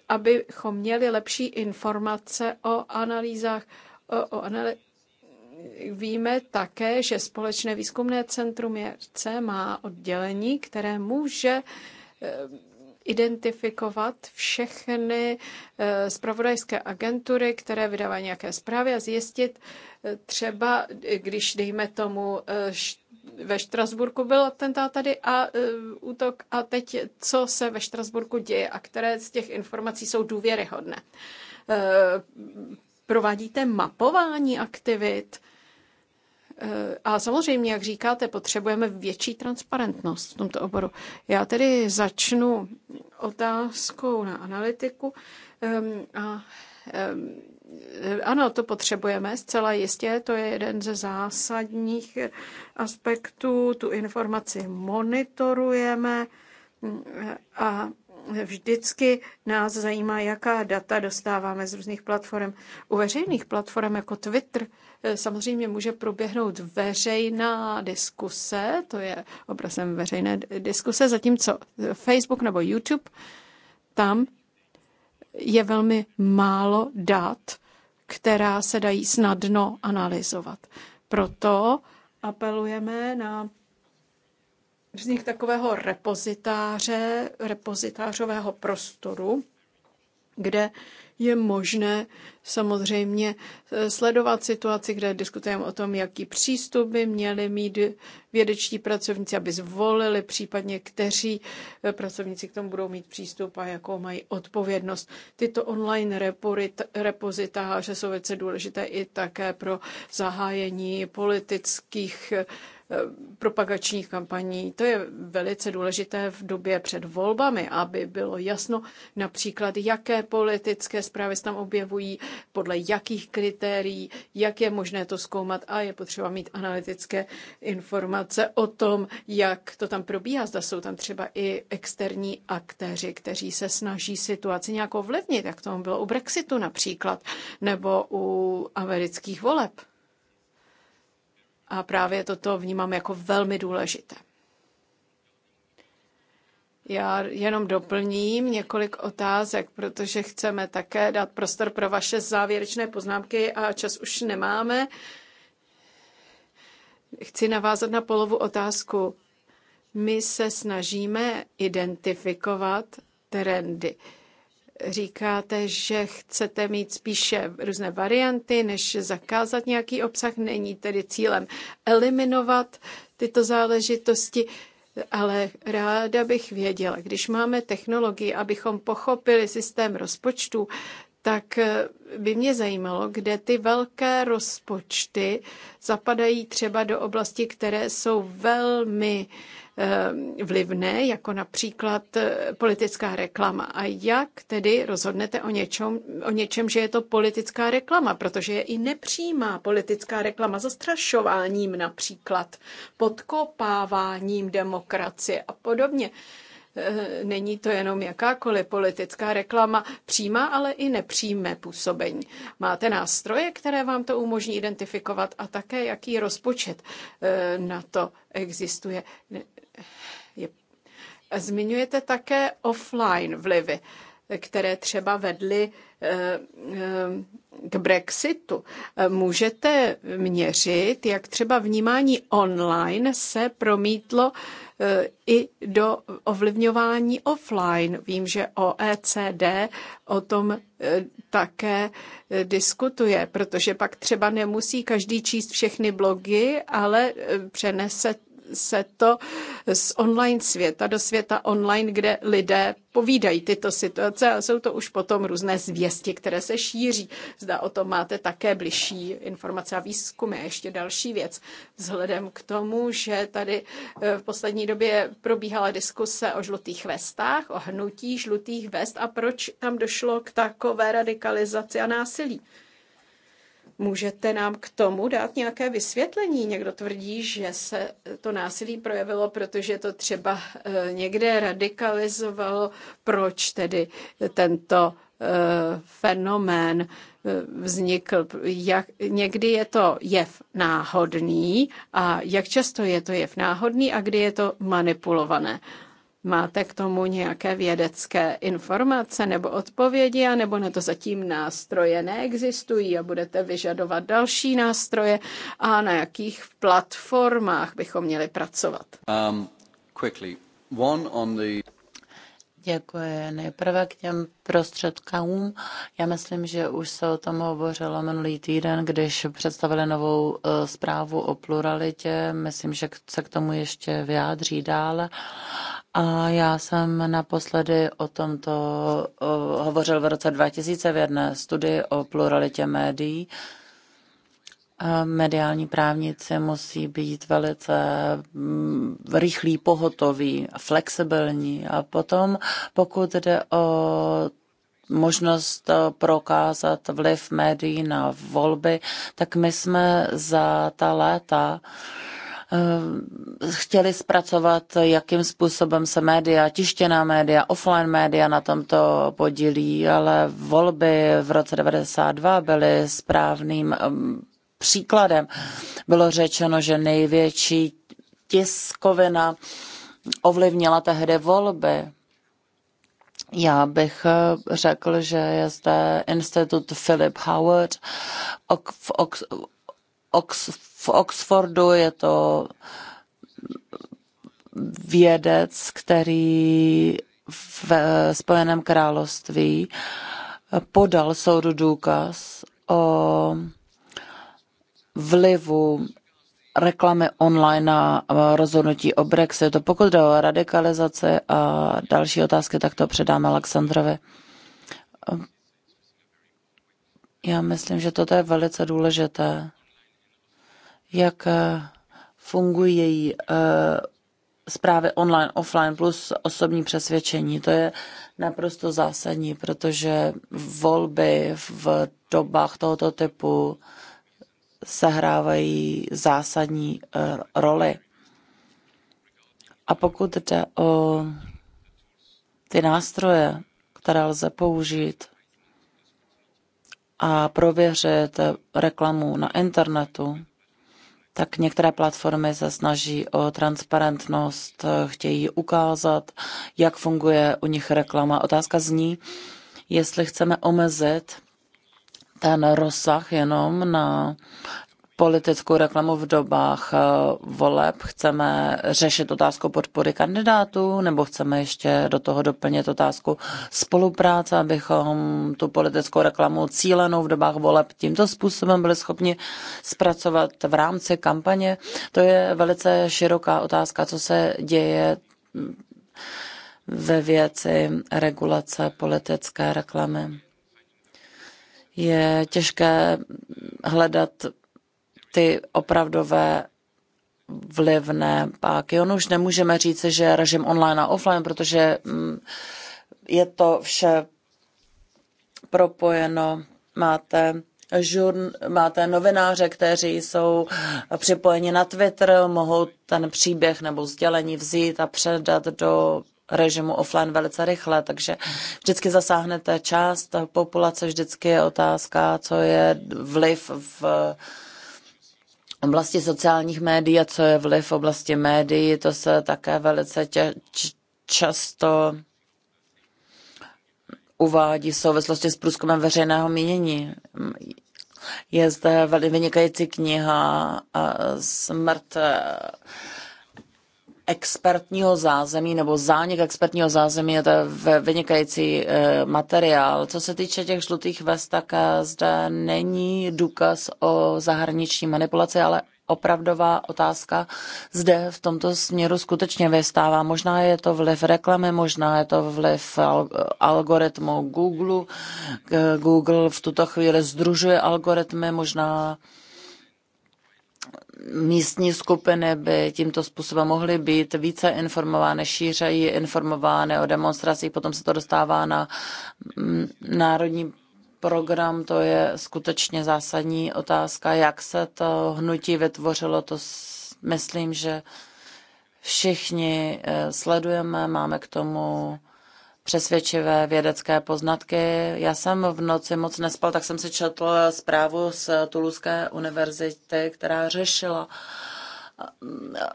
abychom měli lepší informace o analýzách, o, o analý... Víme také, že Společné výzkumné centrum JRC má oddělení, které může eh, identifikovat všechny spravodajské eh, agentury, které vydávají nějaké zprávy a zjistit eh, třeba, eh, když dejme tomu ve Štrasburku byl atentát tady a útok a teď co se ve Štrasburku děje a které z těch informací jsou důvěryhodné. Provádíte mapování aktivit, Eh, a samozřejmě, jak říkáte, potřebujeme větší transparentnost v tomto oboru. Já tedy začnu otázkou na analytiku. Ehm, a ehm, ano, to potřebujeme zcela jistě, to je jeden ze zásadních aspektů. Tu informaci monitorujeme mm, a vždycky nás zajímá, jaká data dostáváme z různých platform. U veřejných platform jako Twitter eh, samozřejmě může proběhnout veřejná diskuse, to je obrazem veřejné diskuse, zatímco Facebook nebo YouTube, tam je velmi málo dat, která se dají snadno analyzovat. Proto apelujeme na vznik takového repozitáře, repozitářového prostoru, kde je možné samozřejmě eh, sledovat situaci, kde diskutujeme o tom, jaký přístup by měli mít vědeční pracovníci, aby zvolili případně, kteří eh, pracovníci k tomu budou mít přístup a jakou mají odpovědnost. Tyto online repozitáře jsou velice důležité i také pro zahájení politických eh, propagačních kampaní. To je velice důležité v době před volbami, aby bylo jasno například, jaké politické zprávy se tam objevují, podle jakých kritérií, jak je možné to zkoumat a je potřeba mít analytické informace o tom, jak to tam probíhá. Zda jsou tam třeba i externí aktéři, kteří se snaží situaci nějak ovlivnit, jak tomu bylo u Brexitu například, nebo u amerických voleb. A právě toto vnímám jako velmi důležité. Já jenom doplním několik otázek, protože chceme také dát prostor pro vaše závěrečné poznámky a čas už nemáme. Chci navázat na polovu otázku. My se snažíme identifikovat trendy. Říkáte, že chcete mít spíše různé varianty, než zakázat nějaký obsah. Není tedy cílem eliminovat tyto záležitosti, ale ráda bych věděla, když máme technologii, abychom pochopili systém rozpočtu, tak by mě zajímalo, kde ty velké rozpočty zapadají třeba do oblasti, které jsou velmi uh, Eh, vlivné, jako například eh, politická reklama. A jak tedy rozhodnete o něčem, o něčem, že je to politická reklama, protože je i nepřímá politická reklama zastrašováním například, podkopáváním demokracie a podobně eh, není to jenom jakákoliv politická reklama, přímá, ale i nepřímé působení. Máte nástroje, které vám to umožní identifikovat a také jaký rozpočet na to existuje je Zmiňujete také offline vlivy, které třeba vedly eh, eh, k Brexitu. Můžete měřit, jak třeba vnímání online se promítlo eh, i do ovlivňování offline. Vím, že OECD o tom také diskutuje, protože pak třeba nemusí každý číst všechny blogy, ale přenese se to z online světa do světa online, kde lidé povídají tyto situace a jsou to už potom různé zvěsti, které se šíří. Zda o tom máte také bližší informace a výzkumy. A ještě další věc. Vzhledem k tomu, že tady eh, v poslední době probíhala diskuse o žlutých vestách, o hnutí žlutých vest a proč tam došlo k takové radikalizaci a násilí. Můžete nám k tomu dát nějaké vysvětlení? Někdo tvrdí, že se to násilí projevilo, protože to třeba eh, někde radikalizovalo. Proč tedy tento eh, fenomén eh, vznikl. Jak, někdy je to jev náhodný a jak často je to jev náhodný a kdy je to manipulované. Máte k tomu nějaké vědecké informace nebo odpovědi, anebo na to zatím nástroje neexistují a budete vyžadovat další nástroje a na jakých platformách bychom měli pracovat? Um, quickly. One on the... Děkuji. Nejprve k těm prostředkům. Já myslím, že už se o tom hovořilo minulý týden, když představili novou e, zprávu o pluralitě. Myslím, že se k tomu ještě vyjádří dále. A já jsem naposledy o tomto e, hovořil v roce 2001 studii o pluralitě médií mediální právníci musí být velice mm, rychlí, pohotoví, flexibilní a potom, pokud jde o možnost eh, prokázat vliv médií na volby, tak my jsme za ta léta eh, chtěli zpracovat, jakým způsobem se média, tištěná média, offline média na tomto podílí, ale volby v roce 92 byly správným eh, příkladem. Bylo řečeno, že největší tiskovina ovlivnila tehdy volby. Já bych eh, řekl, že je zde institut Philip Howard v, Ox, Ox, v Oxfordu, je to vědec, který v eh, Spojeném království eh, podal soudu důkaz o vlivu reklamy online na eh, rozhodnutí o Brexitu. Pokud jde o radikalizaci a další otázky, tak to předám Alexandrovi. Eh, já myslím, že toto je velice důležité. Jak eh, fungují zprávy online, offline plus osobní přesvědčení. To je naprosto zásadní, protože volby v dobách tohoto typu sehrávají zásadní eh, roli. A pokud jde o ty nástroje, které lze použít a prověřit reklamu na internetu, tak některé platformy se snaží o transparentnost, chtějí ukázat, jak funguje u nich reklama. Otázka zní, jestli chceme omezit ten rozsah jenom na politickou reklamu v dobách eh, voleb? Chceme řešit otázku podpory kandidátů nebo chceme ještě do toho doplnit otázku spolupráce, abychom tu politickou reklamu cílenou v dobách voleb tímto způsobem byli schopni zpracovat v rámci kampaně? To je velice široká otázka, co se děje mm, ve věci regulace politické reklamy je těžké hledat ty opravdové vlivné páky. On už nemůžeme říct, že je režim online a offline, protože mm, je to vše propojeno. Máte žurn, máte novináře, kteří jsou připojeni na Twitter, mohou ten příběh nebo sdělení vzít a předat do režimu offline velice rychle, takže vždycky zasáhnete část populace, vždycky je otázka, co je vliv v oblasti sociálních médií a co je vliv v oblasti médií, to se také velice tě, č, často uvádí v souvislosti s průzkumem veřejného mínění. Je zde vynikající kniha eh, Smrt eh, expertního zázemí nebo zánik expertního zázemí, je to vynikající eh, materiál. Co se týče těch žlutých vest, tak eh, zde není důkaz o zahraniční manipulaci, ale opravdová otázka zde v tomto směru skutečně vystává. Možná je to vliv reklamy, možná je to vliv algoritmu Google. Eh, Google v tuto chvíli združuje algoritmy, možná místní skupiny by tímto způsobem mohly být více informovány, šířejí informovány o demonstracích, potom se to dostává na mm, národní program, to je skutečně zásadní otázka, jak se to hnutí vytvořilo, to myslím, že všichni eh, sledujeme, máme k tomu přesvědčivé vědecké poznatky. Já jsem v noci moc nespal, tak jsem si četl zprávu z Tuluské univerzity, která řešila eh,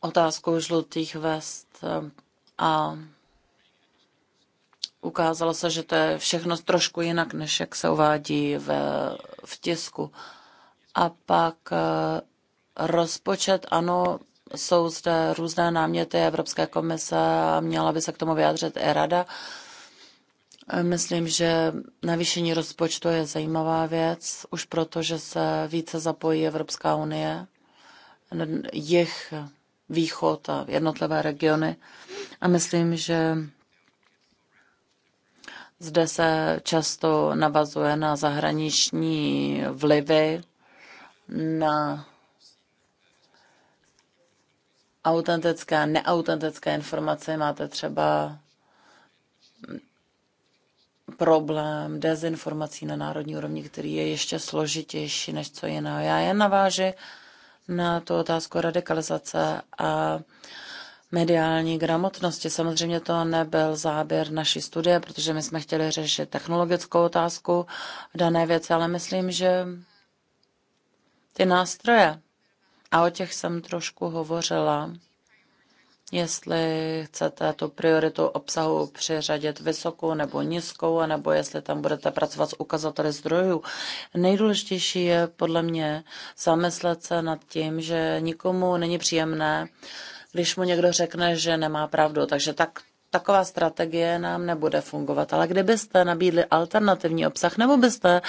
otázku žlutých vest a ukázalo se, že to je všechno trošku jinak, než jak se uvádí v, v tisku. A pak eh, rozpočet, ano, jsou zde různé náměty Evropské komise a měla by se k tomu vyjádřit i rada. Myslím, že navýšení rozpočtu je zajímavá věc, už proto, že se více zapojí Evropská unie, jich východ a jednotlivé regiony. A myslím, že zde se často navazuje na zahraniční vlivy, na autentické, neautentické informace, máte třeba problém dezinformací na národní úrovni, který je ještě složitější než co jiného. Já jen naváži na tu otázku radikalizace a mediální gramotnosti. Samozřejmě to nebyl záběr naší studie, protože my jsme chtěli řešit technologickou otázku dané věci, ale myslím, že ty nástroje a o těch jsem trošku hovořila. Jestli chcete tu prioritu obsahu přiřadit vysokou nebo nízkou, nebo jestli tam budete pracovat s ukazateli zdrojů. Nejdůležitější je podle mě zamyslet se nad tím, že nikomu není příjemné, když mu někdo řekne, že nemá pravdu. Takže tak taková strategie nám nebude fungovat. Ale kdybyste nabídli alternativní obsah, nebo byste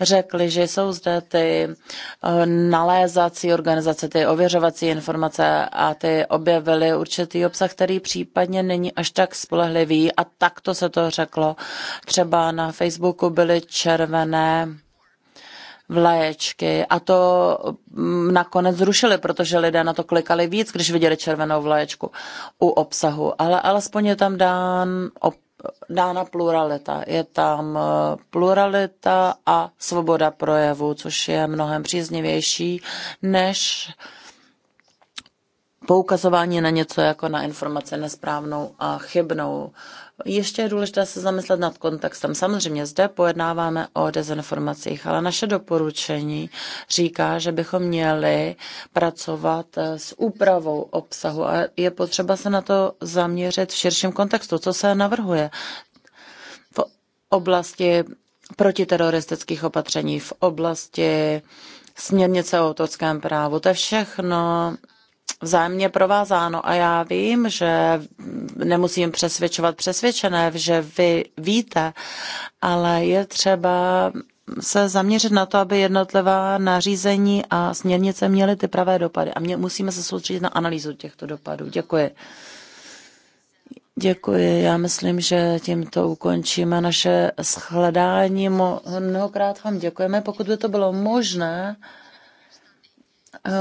řekli, že jsou zde ty eh, nalézací organizace, ty ověřovací informace a ty objevily určitý obsah, který případně není až tak spolehlivý a takto se to řeklo. Třeba na Facebooku byly červené vlaječky a to mm, nakonec zrušili, protože lidé na to klikali víc, když viděli červenou vlaječku u obsahu, ale alespoň je tam dán dána pluralita. Je tam eh, pluralita a svoboda projevu, což je mnohem příznivější než poukazování na něco jako na informace nesprávnou a chybnou. Ještě je důležité se zamyslet nad kontextem. Samozřejmě zde pojednáváme o dezinformacích, ale naše doporučení říká, že bychom měli pracovat eh, s úpravou obsahu a je potřeba se na to zaměřit v širším kontextu, co se navrhuje v oblasti protiteroristických opatření, v oblasti směrnice o autorském právu. To je všechno vzájemně provázáno a já vím, že nemusím přesvědčovat přesvědčené, že vy víte, ale je třeba se zaměřit na to, aby jednotlivá nařízení a směrnice měly ty pravé dopady. A mě, musíme se soustředit na analýzu těchto dopadů. Děkuji. Děkuji. Já myslím, že tímto ukončíme naše shledání. Mnohokrát vám děkujeme. Pokud by to bylo možné, eh,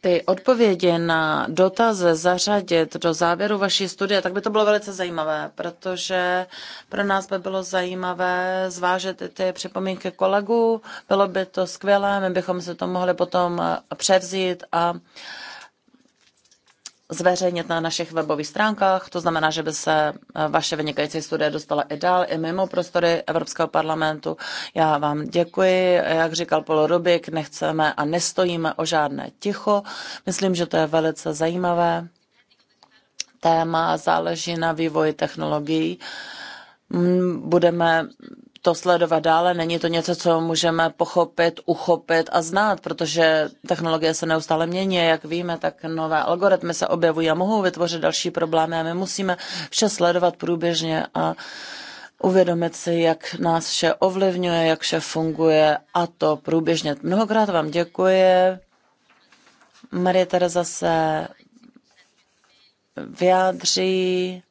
ty odpovědi na dotazy zařadit do závěru vaší studie, tak by to bylo velice zajímavé, protože pro nás by bylo zajímavé zvážit i ty připomínky kolegů. Bylo by to skvělé, my bychom se to mohli potom převzít a uh, zveřejnit na našich webových stránkách. To znamená, že by se eh, vaše vynikající studie dostala i dál, i mimo prostory Evropského parlamentu. Já vám děkuji. Jak říkal Polo Rubik, nechceme a nestojíme o žádné ticho. Myslím, že to je velice zajímavé téma, záleží na vývoji technologií. Budeme to sledovat dále. Není to něco, co můžeme pochopit, uchopit a znát, protože technologie se neustále mění. Jak víme, tak nové algoritmy se objevují a mohou vytvořit další problémy a my musíme vše sledovat průběžně a uvědomit si, jak nás vše ovlivňuje, jak vše funguje a to průběžně. Mnohokrát vám děkuji. Marie Tereza se vyjádří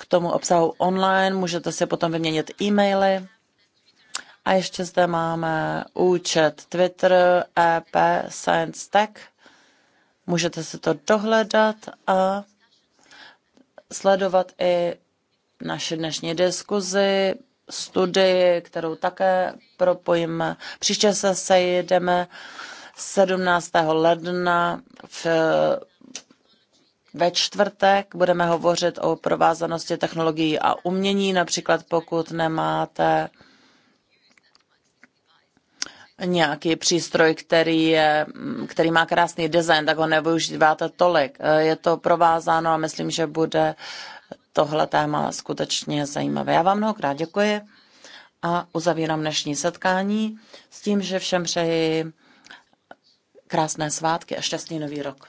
k tomu obsahu online, můžete si potom vyměnit e-maily. A ještě zde máme účet Twitter EP Science Tech. Můžete si to dohledat a sledovat i naše dnešní diskuzi, studii, kterou také propojíme. Příště se sejdeme 17. ledna v ve čtvrtek budeme hovořit o provázanosti technologií a umění, například pokud nemáte nějaký přístroj, který, je, který má krásný design, tak ho nevyužíváte tolik. Je to provázáno a myslím, že bude tohle téma skutečně zajímavé. Já vám mnohokrát děkuji a uzavírám dnešní setkání s tím, že všem přeji krásné svátky a šťastný nový rok.